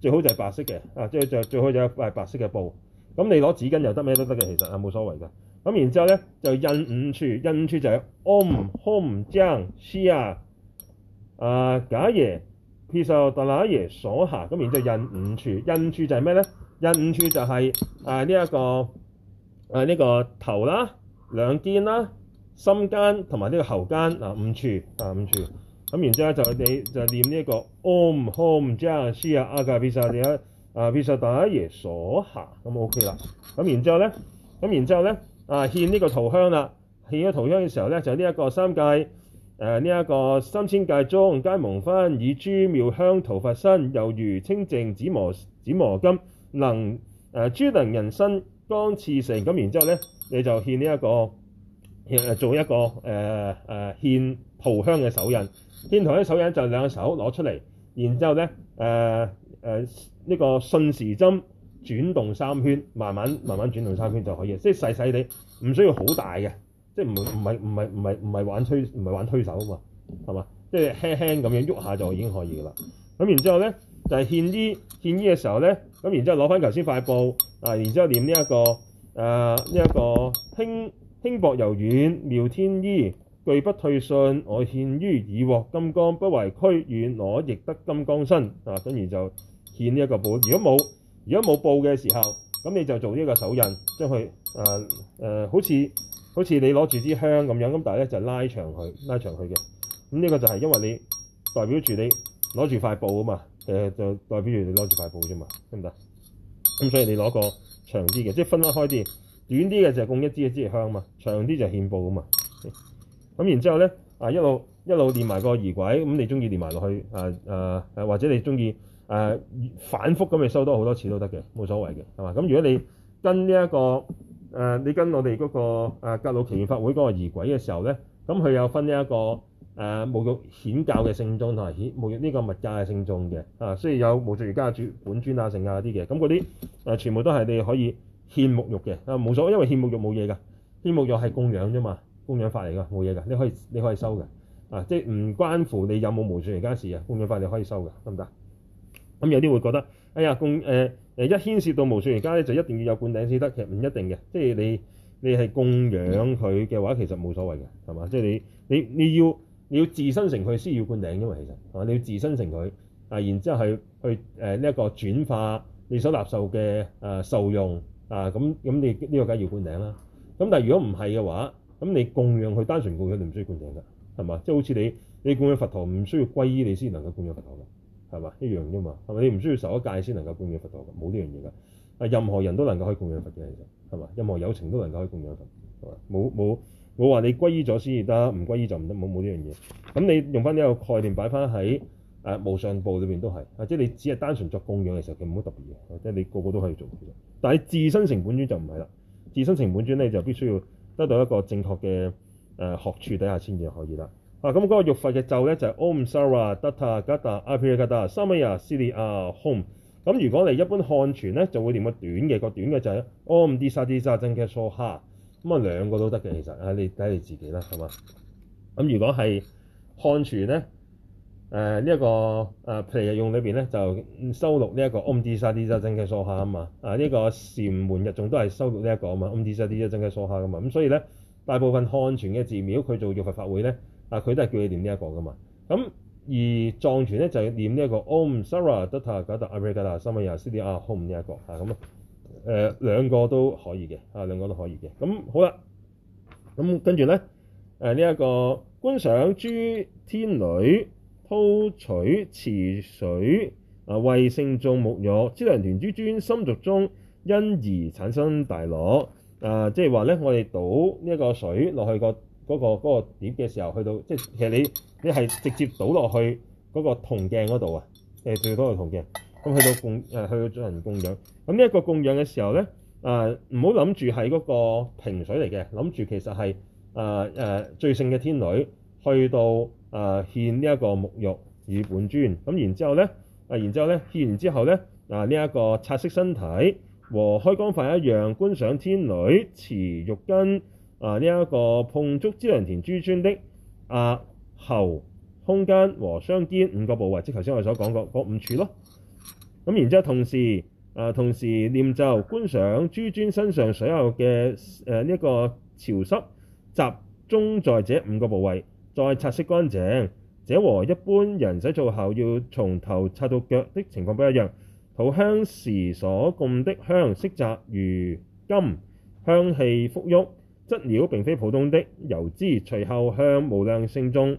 最好就係白色嘅啊！即係最最好就係白色嘅、啊、布。咁你攞紙巾又得咩都得嘅，其實啊冇所謂㗎。咁然之後咧就印五處，印處就係 Om Hum 空章 Shya 啊，假耶 Pisodla 耶所下。咁然之後印五處，印處就係咩咧？印五處就係、就係、啊呢一、呢個啊呢、呢個頭啦，兩肩啦。心間同埋呢個喉間，嗱五處啊，五處咁、啊嗯，然之後就你就念呢一個 Om Om Jaya Shri a a i s a 啊 i s a 大阿爺所下咁 OK 啦。咁然之後咧，咁然之後咧啊，獻呢個屠香啦。獻咗屠香嘅時候咧，就呢一個三界誒呢一個三千界中皆蒙翻以諸妙香塗佛身，猶如清淨紫磨紫磨金，能、啊、諸能人身剛次成。咁然之後咧，你就獻呢一個。做一個誒誒，呃呃，獻塗香嘅手印。獻塗香嘅手印就兩個手攞出嚟，然之後咧誒誒呢，呃呃，這個順時針轉動三圈，慢慢慢慢轉動三圈就可以，即係細細哋，唔需要好大嘅，即係唔唔係唔係唔係唔係玩推唔係玩推手啊嘛，係嘛，即係輕輕咁樣喐下就已經可以啦。咁然之後咧就係獻衣獻衣嘅時候咧，咁然之後攞翻頭先塊布啊，然之後念呢一個誒呢一個輕。輕薄柔軟妙天衣，具不退信我獻於已獲金剛，不為區遠我亦得金剛身啊！跟住就獻呢一個布。如果冇，如果冇布嘅時候，咁你就做呢一個手印，將佢誒誒，好似好似你攞住支香咁樣。咁但係咧就拉長佢，拉長佢嘅。咁、嗯、呢、這個就係因為你代表住你攞住塊布啊嘛，誒、呃、就代表住你攞住塊布啫嘛，得唔得？咁、嗯、所以你攞個長啲嘅，即係分開啲。短啲嘅就係供一支一支香啊嘛，長啲就係獻布啊嘛。咁然之後咧啊，一路一路練埋個儀軌，咁你中意練埋落去啊、呃、或者你中意啊反覆咁你收多好多次都得嘅，冇所謂嘅，係嘛？咁如果你跟呢、這、一個誒、呃，你跟我哋嗰、那個格魯、呃、祈願法會嗰個儀軌嘅時候咧，咁佢有分呢、這、一個誒冇慾顯教嘅聖眾同埋顯冇慾呢個物價嘅聖眾嘅啊，雖然有冇慾而家主本尊啊、剩啊啲嘅，咁嗰啲全部都係你可以。獻沐浴嘅啊，冇所謂，因為獻沐浴冇嘢㗎。獻沐浴係供養啫嘛，供養法嚟㗎，冇嘢㗎。你可以，你可以收㗎啊，即係唔關乎你有冇無上瑜伽事啊。供養法你可以收㗎，得唔得？咁、嗯、有啲會覺得哎呀，供誒誒一牽涉到無上瑜伽咧，就一定要有灌頂先得。其實唔一定嘅，即係你你係供養佢嘅話，其實冇所謂嘅，係嘛？即係你你你要你要自身成佢先要灌頂，因為其實啊，你要自身成佢啊，然之後係去誒呢一個轉化你所納受嘅誒、呃、受用。啊，咁咁你呢個梗係要灌頂啦。咁但係如果唔係嘅話，咁你供養去，單純供養去，你唔需要灌頂噶，係嘛？即係好似你你供養佛陀唔需要皈依你先能夠供養佛陀噶，係嘛？一樣啫嘛，係咪？你唔需要受一戒先能夠供養佛陀噶，冇呢樣嘢噶。係任何人都能夠可以供養佛嘅，其實係嘛？任何有情都能夠可以供養佢，係嘛？冇冇冇話你皈依咗先得，唔皈依就唔得，冇冇呢樣嘢。咁你用翻呢個概念擺翻喺。誒、啊、無上部裏面都係，或、啊、即你只係單純作供養嘅時候，佢冇乜特別嘢，或、啊、者你個個都可以做，但係自身成本尊就唔係啦，自身成本尊咧就必須要得到一個正確嘅誒、呃、學處底下先至可以啦。啊咁嗰、那個浴佛嘅咒咧就係 om sarah datta gatta ipa gatta samaya sri ah home 咁如果你一般漢傳咧，就會念個短嘅，個短嘅、那個、就係 om di sa di sa jnesho ha。咁啊兩個都得嘅其實啊，你睇下你自己啦，係嘛？咁如果係漢傳咧？誒呢一個誒，譬如、呃、日用裏面咧，就收錄呢一個 Om Disha Disha 真嘅數下啊嘛。啊呢，這個禪門日誦都係收錄呢一個啊嘛，Om Disha Disha 真嘅數下噶嘛。咁 SISTA、嗯、所以咧，大部分漢傳嘅寺廟佢做浴佛法會咧，啊佢都係叫你念呢一個噶嘛。咁而藏傳咧就係念呢一個 Om Sara Datta Gadda Abrega Samaya Siddhi Ahom 呢、這、一個咁啊誒、啊、兩個都可以嘅、啊、兩個都可以嘅咁、啊、好啦。咁、啊、跟住咧誒呢一、啊，這個觀想諸天女。舀取池水啊，為聖眾沐浴。資糧田諸尊心續中，因而產生大樂啊、呃！即係話咧，我哋倒呢一個水落去、那個嗰個嗰個碟嘅時候，去到即係其實你你係直接倒落去嗰個銅鏡嗰度啊！誒、呃，最多係銅鏡咁去到供誒、呃、去進行供養。咁呢一個供養嘅時候咧，啊唔好諗住係嗰個瓶水嚟嘅，諗住其實係啊誒最聖嘅天女去到。啊！獻呢一個沐浴與本尊咁然之後咧，啊，然之後咧、啊，獻完之後咧，啊，呢、這、一個擦拭身體和開光法一樣，觀想天女持浴巾，啊，呢、這、一個碰觸資糧田諸尊的額、啊、喉、胸間和雙肩五個部位，即係頭先我所講個五處咯。咁、啊、然之後同時啊，同時念咒，觀想諸尊身上所有嘅誒呢一個潮濕集中在這五個部位。再擦拭乾淨，這和一般人洗澡後要從頭擦到腳的情況不一樣。塗香時所供的香，色澤如金，香氣馥郁，質料並非普通的油脂。隨後向無量聖眾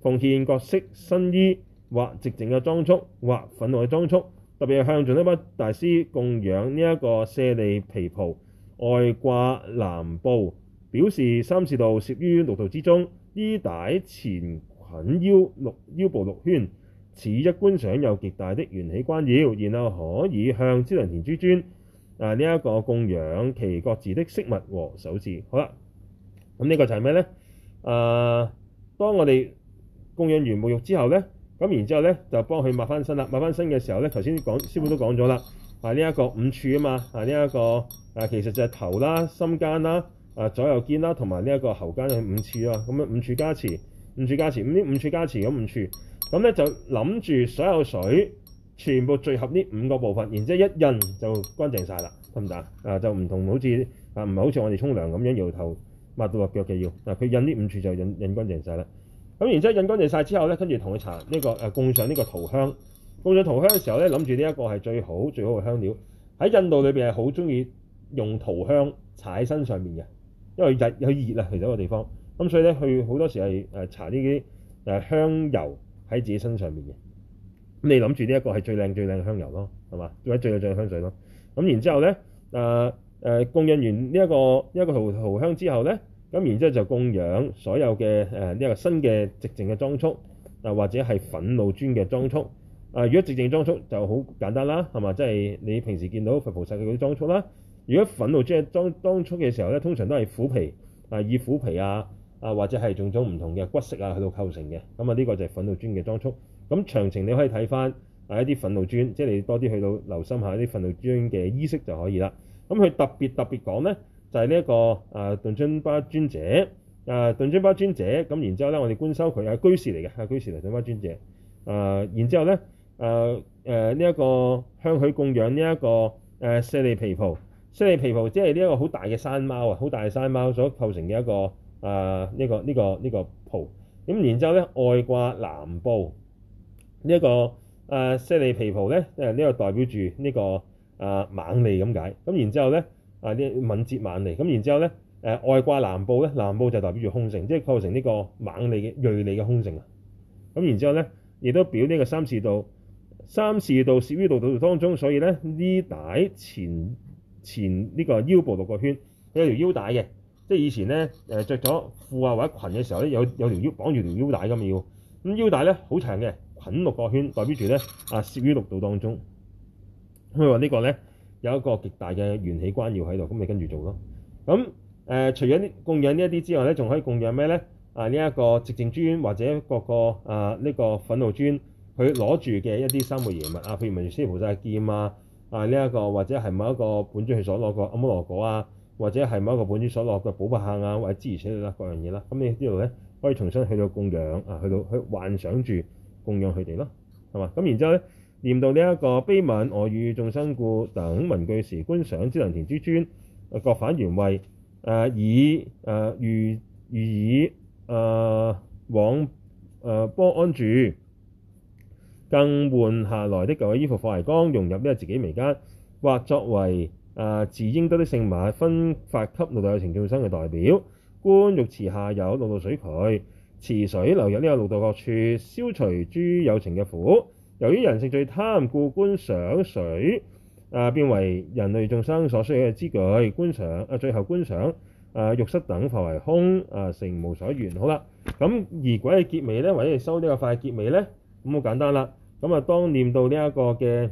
奉獻各色新衣，或寂靜嘅裝束，或憤怒嘅裝束，特別係向仲敦巴大師供養呢一個猞猁皮袍外褂藍布，表示三士道攝於六度之中。衣帶纏捆腰，六腰部六圈，此一觀想有極大的緣起關要，然後可以向資糧田諸尊啊呢一、這個供養其各自的飾物和手幟。好啦，咁、嗯、呢、這個就係咩呢？啊，當我哋供養完沐浴之後呢，咁然之後呢，就幫佢抹翻身啦。抹翻身嘅時候呢，頭先講師傅都講咗啦，啊呢一、這個五處啊嘛，啊呢一、這個啊其實就係頭啦、心間啦。啊，左右肩啦，同埋呢一個喉間嘅五處咯，咁樣五處加持，五處加持，五呢五處加持。咁五處，咁咧就諗住所有水全部聚合呢五個部分，然之後一印就乾淨晒啦，得唔得啊？就唔同好似啊，唔係好似我哋沖涼咁樣搖頭抹到落腳嘅要嗱，佢印呢五處就印印乾淨晒啦。咁然之後印乾淨晒之後咧，後跟住同佢搽呢個誒供、啊、上呢個塗香，供上塗香嘅時候咧，諗住呢一個係最好最好嘅香料，喺印度裏邊係好中意用塗香塗香搽身上面嘅。因為日有熱啊，其實一個地方，咁所以咧，佢好多時係誒搽呢啲誒香油喺自己身上面嘅。咁你諗住呢一個係最靚最靚嘅香油咯，係嘛？或者最靚最靚香水咯。咁然之後咧，誒、呃、誒供應完呢、這、一個一、這個塗塗香之後咧，咁然之後就供養所有嘅誒呢一個新嘅寂靜嘅裝束，啊或者係忿怒裝嘅裝束。啊、呃，如果寂靜裝束就好簡單啦，係嘛？即、就、係、是、你平時見到佛菩薩嘅嗰啲裝束啦。如果忿怒尊，當當初嘅時候咧，通常都係虎皮、啊、皮啊，以虎皮啊啊，或者係種種唔同嘅骨色啊去到構成嘅。咁啊，呢個就係忿怒尊嘅裝束。咁詳情你可以睇返啊，一啲忿怒尊，即係你多啲去到留心一下啲忿怒尊嘅衣飾就可以啦。咁佢特別特別講咧，就係呢一個啊，仲敦巴尊者啊，仲敦巴尊者咁，然之後咧，我哋觀修佢係居士嚟嘅，係居士嚟敦巴尊者啊。然之後咧，誒誒呢一個向佢供養呢一個誒、啊、猞猁皮袍。猞猁皮袍即係呢一個好大嘅山貓啊！好大嘅山貓所構成嘅一個啊，呢、呃這個呢、這個呢、這個袍。咁。然之後咧，外褂藍布呢一、這個啊，猞、呃、猁皮袍咧，即、這、呢個代表住呢、這個啊、呃、猛利咁解。咁然之後咧啊，呢敏捷猛利咁。然之後咧誒、呃、外褂藍布咧，藍布就代表住空性，即係構成呢個猛利嘅銳利嘅空性啊。咁然之後咧亦都表呢個三士道，三士道攝於六度當中，所以咧呢帶前。前呢個腰部六個圈，有條腰帶嘅，即係以前咧誒著咗褲啊或者裙嘅時候咧，有有條腰綁住條腰帶噶嘛要，咁、嗯、腰帶咧好長嘅，捆六個圈代表住咧啊攝於六道當中，佢話呢個咧有一個極大嘅緣起關要喺度，咁咪跟住做咯。咁誒、呃、除咗啲供養呢一啲之外咧，仲可以供養咩咧？啊呢一、這個寂靜裝或者各個啊、這個啊呢個忿怒裝，佢攞住嘅一啲三寶嘢物啊，譬如咪，來菩薩嘅劍啊。啊！呢、這、一個或者係某一個本主佢所攞個阿摩羅果啊，或者係某一個本主所攞個寶珀 h 啊，或者諸如此類啦各樣嘢啦、啊，咁、嗯、你呢度咧可以重新去到供養啊，去到去幻想住供養佢哋咯，係嘛？咁然之後咧念到呢、這、一個悲憫我與眾生故等文句時，觀想資糧田諸尊，各返原位，誒、呃、以誒、呃、如如以、呃、往誒幫、呃、安住。更換下來的舊嘅衣服化為光，融入呢個自己眉間，或作為啊、呃、自應得的聖物，分發給六道有情眾生嘅代表。觀浴池下有六道水渠，池水流入呢個六道各處，消除諸有情嘅苦。由於人性最貪，故觀想水啊，變為人類眾生所需要嘅資具。觀想啊、呃，最後觀想啊、呃，浴室等化為空啊，成、呃、無所緣。好啦，咁儀軌嘅結尾咧，或者你收呢個快結尾咧。咁好簡單啦。咁啊，當念到呢一個嘅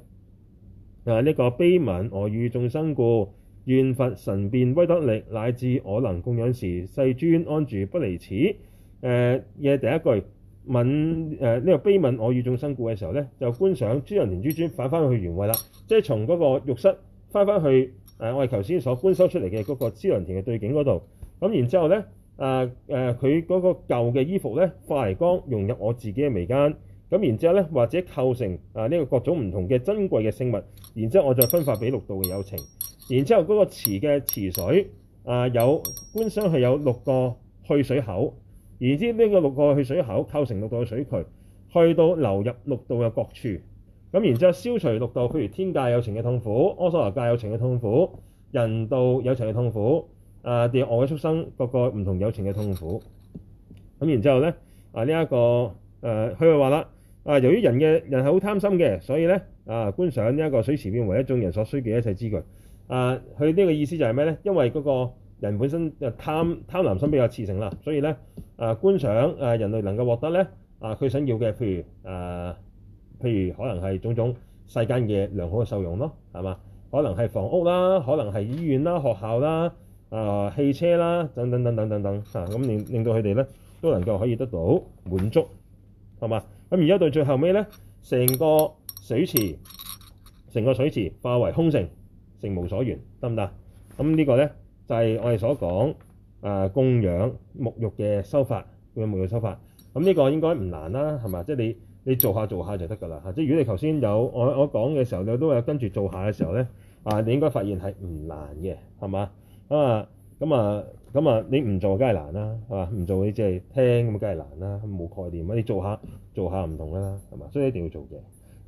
啊呢、呢個悲憫我與眾生故，願佛神變威德力乃至我能供養時，世尊安住不離此。誒嘢、呃、第一句憫誒呢個悲憫我與眾生故嘅時候咧，就觀想資糧田諸尊返翻去原位啦，即係從嗰個浴室返翻去誒、呃、我哋頭先所觀修出嚟嘅嗰個資糧田嘅對境嗰度。咁然之後咧，誒誒佢嗰個舊嘅衣服咧，化為光，融入我自己嘅眉間。咁然之後咧，或者構成啊呢、呢個各種唔同嘅珍貴嘅聖物，然之後我再分發俾六道嘅有情，然之後嗰個池嘅池水啊，有觀想係有六個去水口，然之後呢個六個去水口構成六道嘅水渠，去到流入六道嘅各處。咁然之後消除六道譬如天界有情嘅痛苦、阿修羅界有情嘅痛苦、人道有情嘅痛苦、啊地獄畜生各個唔同有情嘅痛苦。咁、啊、然之後咧啊呢一、這個誒，佢就話啦。啊！由於人嘅人係好貪心嘅，所以咧啊，觀賞呢一個水池變為一種人所需嘅一切資具。啊，佢呢個意思就係咩咧？因為嗰個人本身啊貪貪婪心比較熾性啦，所以咧啊，觀賞啊人類能夠獲得咧啊佢想要嘅，譬如啊譬如可能係種種世間嘅良好嘅受容咯，係嘛？可能係房屋啦，可能係醫院啦、學校啦、啊汽車啦等等等等等等嚇咁、啊、令令到佢哋咧都能夠可以得到滿足，係嘛？咁而家到最後尾咧，成個水池，成個水池化為空性，成無所緣，得唔得？咁呢個咧就係、是、我哋所講啊供養沐浴嘅修法，供養沐浴修法。咁呢個應該唔難啦，係嘛？即係你你做下做下就得㗎啦。即係如果你頭先有我我講嘅時候，你都有跟住做下嘅時候咧，啊你應該發現係唔難嘅，係嘛？咁啊咁啊。咁啊，你唔做梗係難啦，係嘛？唔做你即係聽咁，梗係難啦、啊，冇概念啊！你做下做下唔同啦，係嘛？所以一定要做嘅。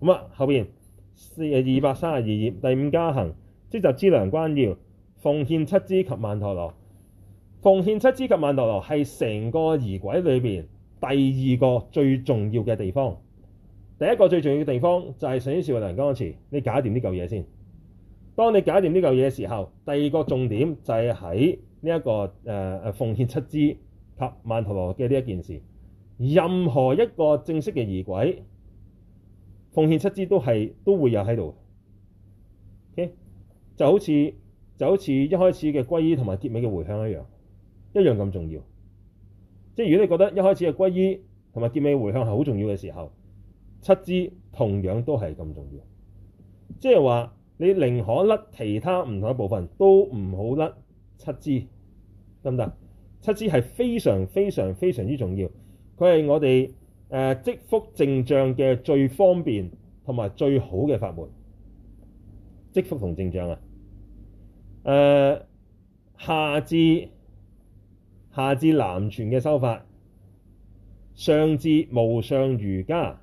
咁啊，後邊，四二百三十二頁第五加行，積集資糧關要，奉獻七支及曼陀羅。奉獻七支及曼陀羅係成個儀軌裏面第二個最重要嘅地方。第一個最重要嘅地方就係上天時華梁江池，你搞掂呢舊嘢先。當你搞掂呢舊嘢嘅時候，第二個重點就係喺。呢、這、一個誒誒、呃、奉獻七支及曼荼羅嘅呢一件事，任何一個正式嘅儀軌奉獻七支都係都會有喺度、okay？就好似就好似一開始嘅皈依同埋結尾嘅回向一樣，一樣咁重要。即係如果你覺得一開始嘅皈依同埋結尾回向係好重要嘅時候，七支同樣都係咁重要。即係話你寧可甩其他唔同一部分，都唔好甩。七支得唔得？七支係非常非常非常之重要，佢係我哋誒、呃、積福淨障嘅最方便同埋最好嘅法門。積福同淨障啊！下、呃、至下至南傳嘅修法，上至無上瑜伽，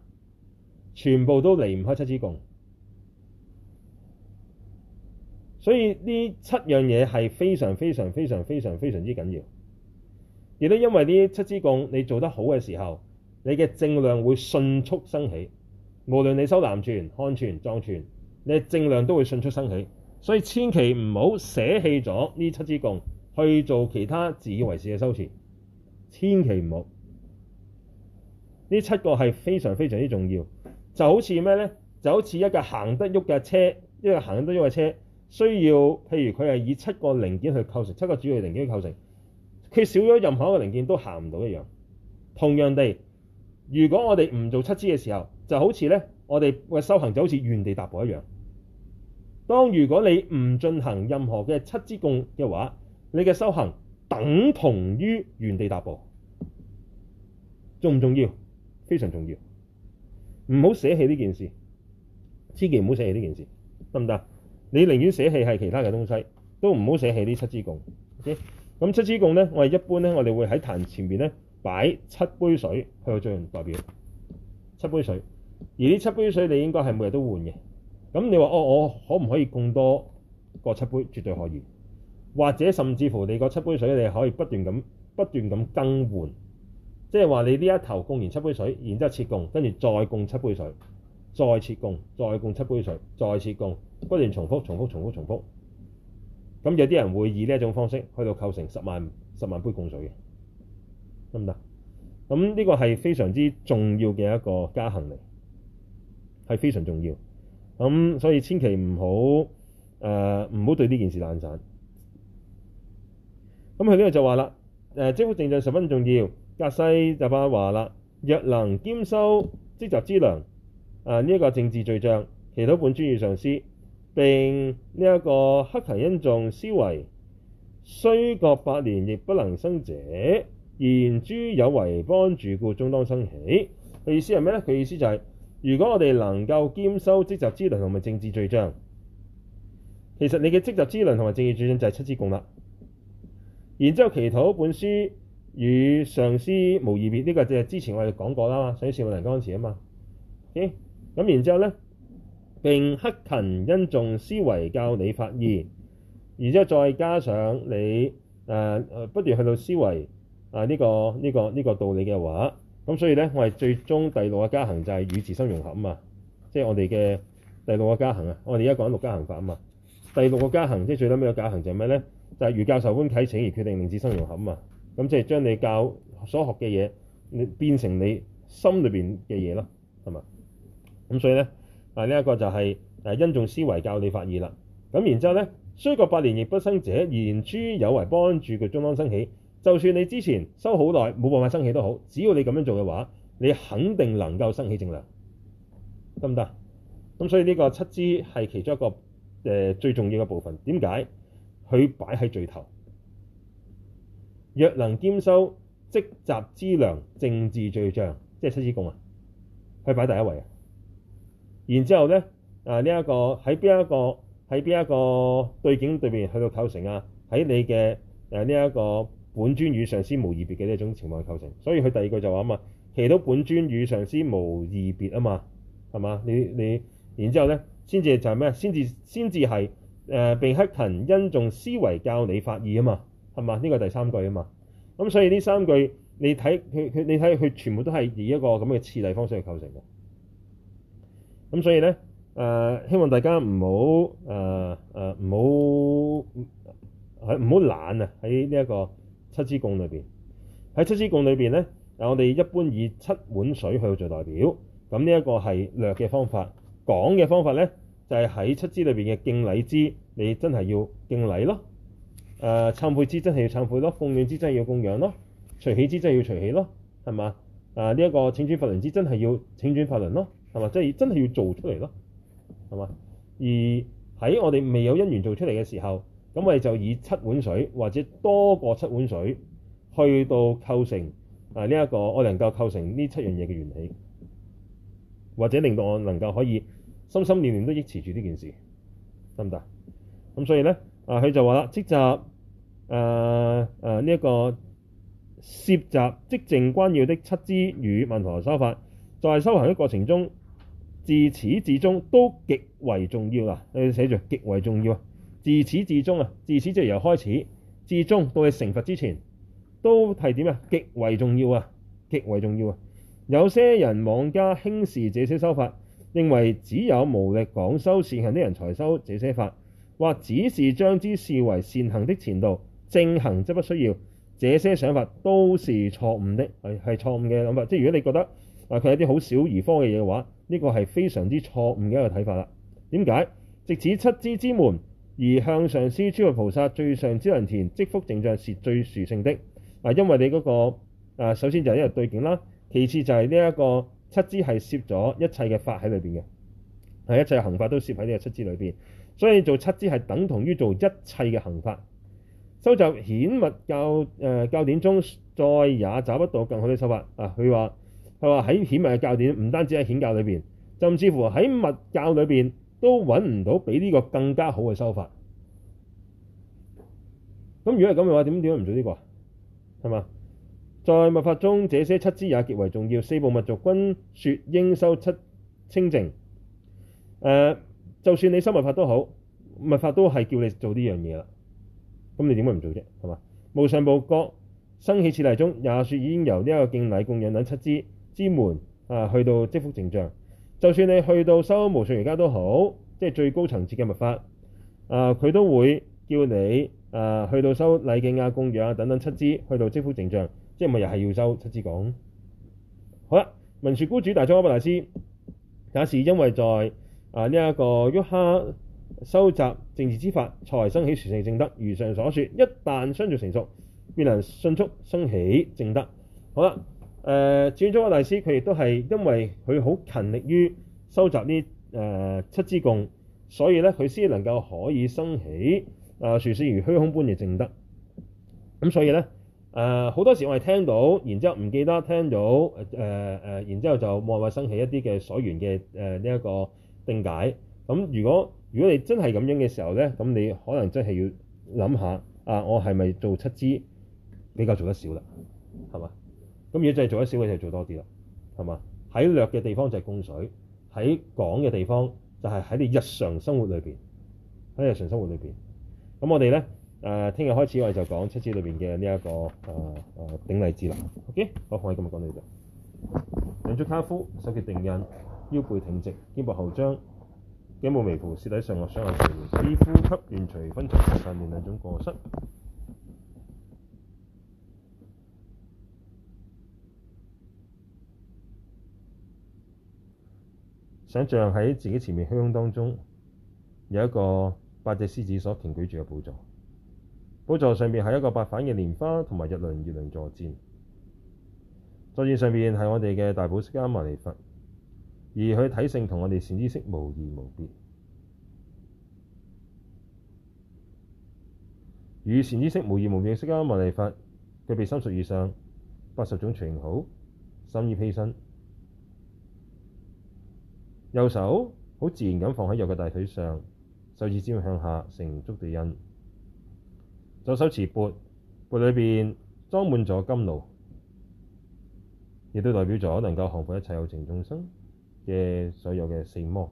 全部都離唔開七支供。所以呢七樣嘢係非常非常非常非常非常之緊要。亦都因為呢七支供你做得好嘅時候，你嘅證量會迅速生起。無論你修南傳、漢傳、藏傳，你嘅證量都會迅速生起。所以千祈唔好捨棄咗呢七支供去做其他自以為是嘅修持。千祈唔好，呢七個係非常非常之重要。就好似咩呢？就好似一架行得喐嘅車，一架行得喐嘅車。需要譬如佢係以七個零件去構成，七個主要零件去構成，缺少咗任何一個零件都行唔到一樣。同樣地，如果我哋唔做七支嘅時候，就好似咧，我哋嘅修行就好似原地踏步一樣。當如果你唔進行任何嘅七支供嘅話，你嘅修行等同於原地踏步，重唔重要？非常重要，唔好捨棄呢件事，千祈唔好捨棄呢件事，得唔得？你寧願捨棄係其他嘅東西，都唔好捨棄呢七支供。咁、okay? 七支供呢，我哋一般呢，我哋會喺壇前面呢擺七杯水去作代表。七杯水，而呢七杯水你應該係每日都換嘅。咁你話哦，我可唔可以供多過七杯？絕對可以。或者甚至乎你個七杯水，你可以不斷咁不斷咁更換。即係話你呢一頭供完七杯水，然之後撤供，跟住再供七杯水。再切供，再供七杯水，再切供，不斷重複、重複、重複、重複。咁有啲人會以呢一種方式去到構成十萬十萬杯供水嘅，得唔得？咁呢個係非常之重要嘅一個加行嚟，係非常重要。咁所以千祈唔好誒，唔、呃、好對呢件事懶散。咁佢呢度就話啦，誒、呃，積福淨罪十分重要。格西鐸巴話啦，若能兼收積集資糧。啊！呢、這、一個淨治罪障，祈禱本尊與上師，並呢一個克勤殷重思惟，雖覺百年亦不能生者，然諸有為不安住故，終當生起。佢意思係咩咧？佢意思就係、是、如果我哋能夠兼收積集資糧同埋淨治罪障，其實你嘅積集資糧同埋淨治罪障就係七支供啦。然之後祈禱本尊與上師無異別，呢、這個就係之前我哋講過啦嘛，上一次我哋講嗰時啊嘛，咦、okay?？咁然之後咧，並克勤殷重思維教你法義，然之後再加上你誒、呃、不斷去到思維啊呢個呢、這個呢、這個道理嘅話，咁所以咧，我哋最終第六個加行就係與自身融合啊嘛，即係我哋嘅第六個加行啊。我哋而家講六加行法啊嘛，第六個加行即係最尾嘅加行就係咩咧？就係、是、如教授般啟請而決定令自身融合啊嘛。咁即係將你教所學嘅嘢，你變成你心裏面嘅嘢咯，係嘛？咁所以咧，啊呢一、這個就係啊殷重思維教你法義啦。咁然之後咧，雖過百年亦不生者，言諸有為幫助佢終生起。就算你之前修好耐冇辦法生起都好，只要你咁樣做嘅話，你肯定能夠生起正量，得唔得？咁所以呢個七支係其中一個誒、呃、最重要嘅部分。點解佢擺喺最頭？若能兼修積集資糧，淨治罪障即係七支供啊，佢擺第一位啊。然之後咧，啊呢一、這個喺邊一個喺邊一個對景對面去到構成啊，喺你嘅呢一個本尊與上師無二別嘅呢一種情況構成。所以佢第二句就話啊嘛，其實都本尊與上師無二別啊嘛，係嘛？你你然之後咧，先至就係咩？先至先至係誒被克勤殷重思惟教你發意啊嘛，係嘛？呢、這個第三句啊嘛。咁、啊、所以呢三句你睇佢佢你睇佢全部都係以一個咁嘅次第方式去構成嘅。咁所以咧，誒、呃、希望大家唔好誒誒唔好喺唔好懶啊！喺呢一個七支供裏邊，喺七支供裏邊咧，誒我哋一般以七碗水去做代表。咁呢一個係略嘅方法，講嘅方法咧就係、是、喺七支裏邊嘅敬禮支，你真係要敬禮咯。誒、呃，懺悔支真係要懺悔咯，供養支真係要供養咯，隨喜支真係要隨喜咯，係嘛？誒呢一個請轉法輪支真係要請轉法輪咯。係咪？即係真係要做出嚟咯，係嘛？而喺我哋未有因緣做出嚟嘅時候，咁我哋就以七碗水或者多過七碗水，去到構成誒呢一個我能夠構成呢七樣嘢嘅緣起，或者令到我能夠可以心心念念都憶持住呢件事，得唔得？咁所以咧，啊佢就話啦，積集誒誒呢一個涉及積淨關要的七支與曼荼羅修法，在修行嘅過程中，自始至終都極為重要啦、啊。你寫住極為重要啊！自始至終啊，自始即係由開始至終到你成佛之前，都係點啊？極為重要啊！極為重要啊！有些人妄加輕視這些修法，認為只有無力廣修善行的人才修這些法，或只是將之視為善行的前道，正行則不需要。這些想法都是錯誤的，係係錯誤嘅諗法。即係如果你覺得話佢係一啲好小兒科嘅嘢嘅話。呢、這個係非常之錯誤嘅一個睇法啦。點解？直指七支之門，而向上師諸位菩薩最上之能田積福淨障是最殊勝的。啊，因為你嗰、那個啊，首先就係一個對境啦，其次就係呢一個七支係攝咗一切嘅法喺裏邊嘅，係一切嘅行法都攝喺呢個七支裏邊，所以做七支係等同於做一切嘅行法。修習顯密教誒、呃、教典中再也找不到更好嘅手法。啊，佢話。就話喺顯密嘅教典，唔單止喺顯教裏邊，甚至乎喺密教裏邊都揾唔到比呢個更加好嘅修法。咁如果係咁嘅話，點解點解唔做呢、這個啊？係嘛？在密法中，這些七支也極為重要。四部密族均說應修七清淨。誒、呃，就算你修密法都好，密法都係叫你做，你麼不做呢樣嘢啦。咁你點解唔做啫？係嘛？無上部各生起次第中也說已應由呢一個敬禮、供養等七支。之門啊，去到積福淨障，就算你去到修無上瑜伽都好，即係最高層次嘅密法啊，佢都會叫你啊去到修禮敬啊供養啊等等七支，去到積福淨障，即係咪又係要修七支講？好啦，文殊怙主大宗喀巴大師也是因為在啊呢一、這個沃喀修習積淨之法，才生起殊勝證德，如上所説，一旦相續成熟，便能迅速生起證德。好啦。誒宗喀巴大師，佢亦都係因為佢好勤力於收集呢誒、呃、七支供，所以咧佢先能夠可以升起啊，殊勝如虛空般嘅證德。咁所以咧誒好多時候我係聽到，然之後唔記得聽到誒誒、呃、然之後就冇辦法升起一啲嘅所緣嘅誒呢一個定解。咁如果如果你真係咁樣嘅時候咧，咁你可能真係要諗下啊、呃，我係咪做七支比較做得少啦？係嘛？咁要就係做一少嘅就做多啲啦，係嘛？喺略嘅地方就供水，喺廣嘅地方就係喺你日常生活裏邊，喺日常生活裏邊。咁我哋咧誒，聽日開始我哋就講七支裏邊嘅呢一個誒誒頂禮支嘞。OK，好，我喺今日講到呢度。兩足跏趺，手結定印，腰背挺直，肩部後張，頸部微俯，舌抵上顎，雙眼垂視，呼吸緩徐，分長，訓練兩種過失。想象喺自己前面虛空當中，有一個八隻獅子所停舉住嘅寶座，寶座上面是一個八瓣嘅蓮花，同埋日輪、月輪坐戰坐戰上面是我哋嘅大寶色迦牟尼佛，而佢體性同我哋禪知識無二無別。與禪知識無二無別的釋迦牟尼佛具備三十以上八十種全好、心意披、披牲。右手好自然咁放喺右嘅大腿上，手指尖向下成觸地印。左手持缽，缽裏邊裝滿咗甘露，亦都代表咗能夠降服一切有情眾生嘅所有嘅四魔。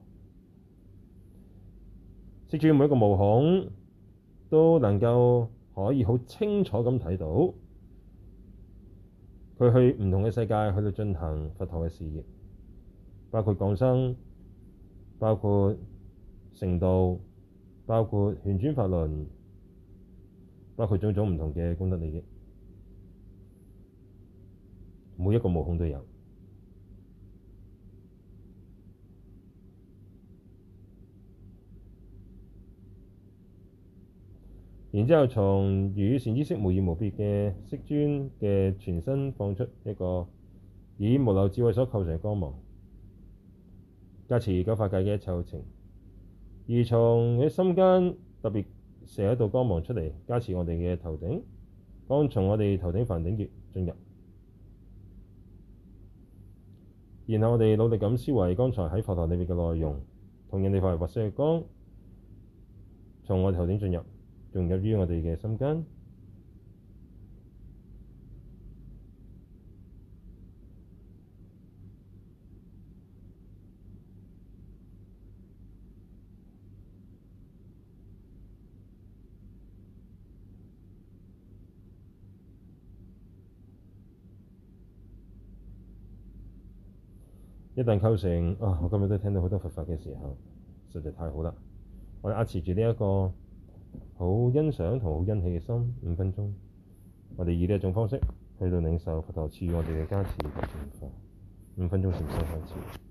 識住每一個毛孔，都能夠可以好清楚咁睇到佢去唔同嘅世界去到進行佛陀嘅事業，包括降生，包括成道，包括旋轉法輪，包括種種唔同嘅功德利益，每一個毛孔都有。然之後從與善知識無二無別嘅色尊嘅全身放出一個以無漏智慧所構成嘅光芒。加持而家法界嘅一切有情，而從你心間特別射一道光芒出嚟，加持我哋嘅頭頂，光從我哋頭頂梵頂穴進入，然後我哋努力咁思維剛才喺課堂裏面嘅內容，同人哋發嚟白色嘅光，從我頭頂進入，融入於我哋嘅心間。一旦構成啊！我今日都聽到好多佛法嘅時候，實在太好啦！我哋壓持住呢一個好欣賞同好欣喜嘅心，五分鐘。我哋以呢一種方式去到領受佛陀賜予我哋嘅加持嘅善法。五分鐘前開始。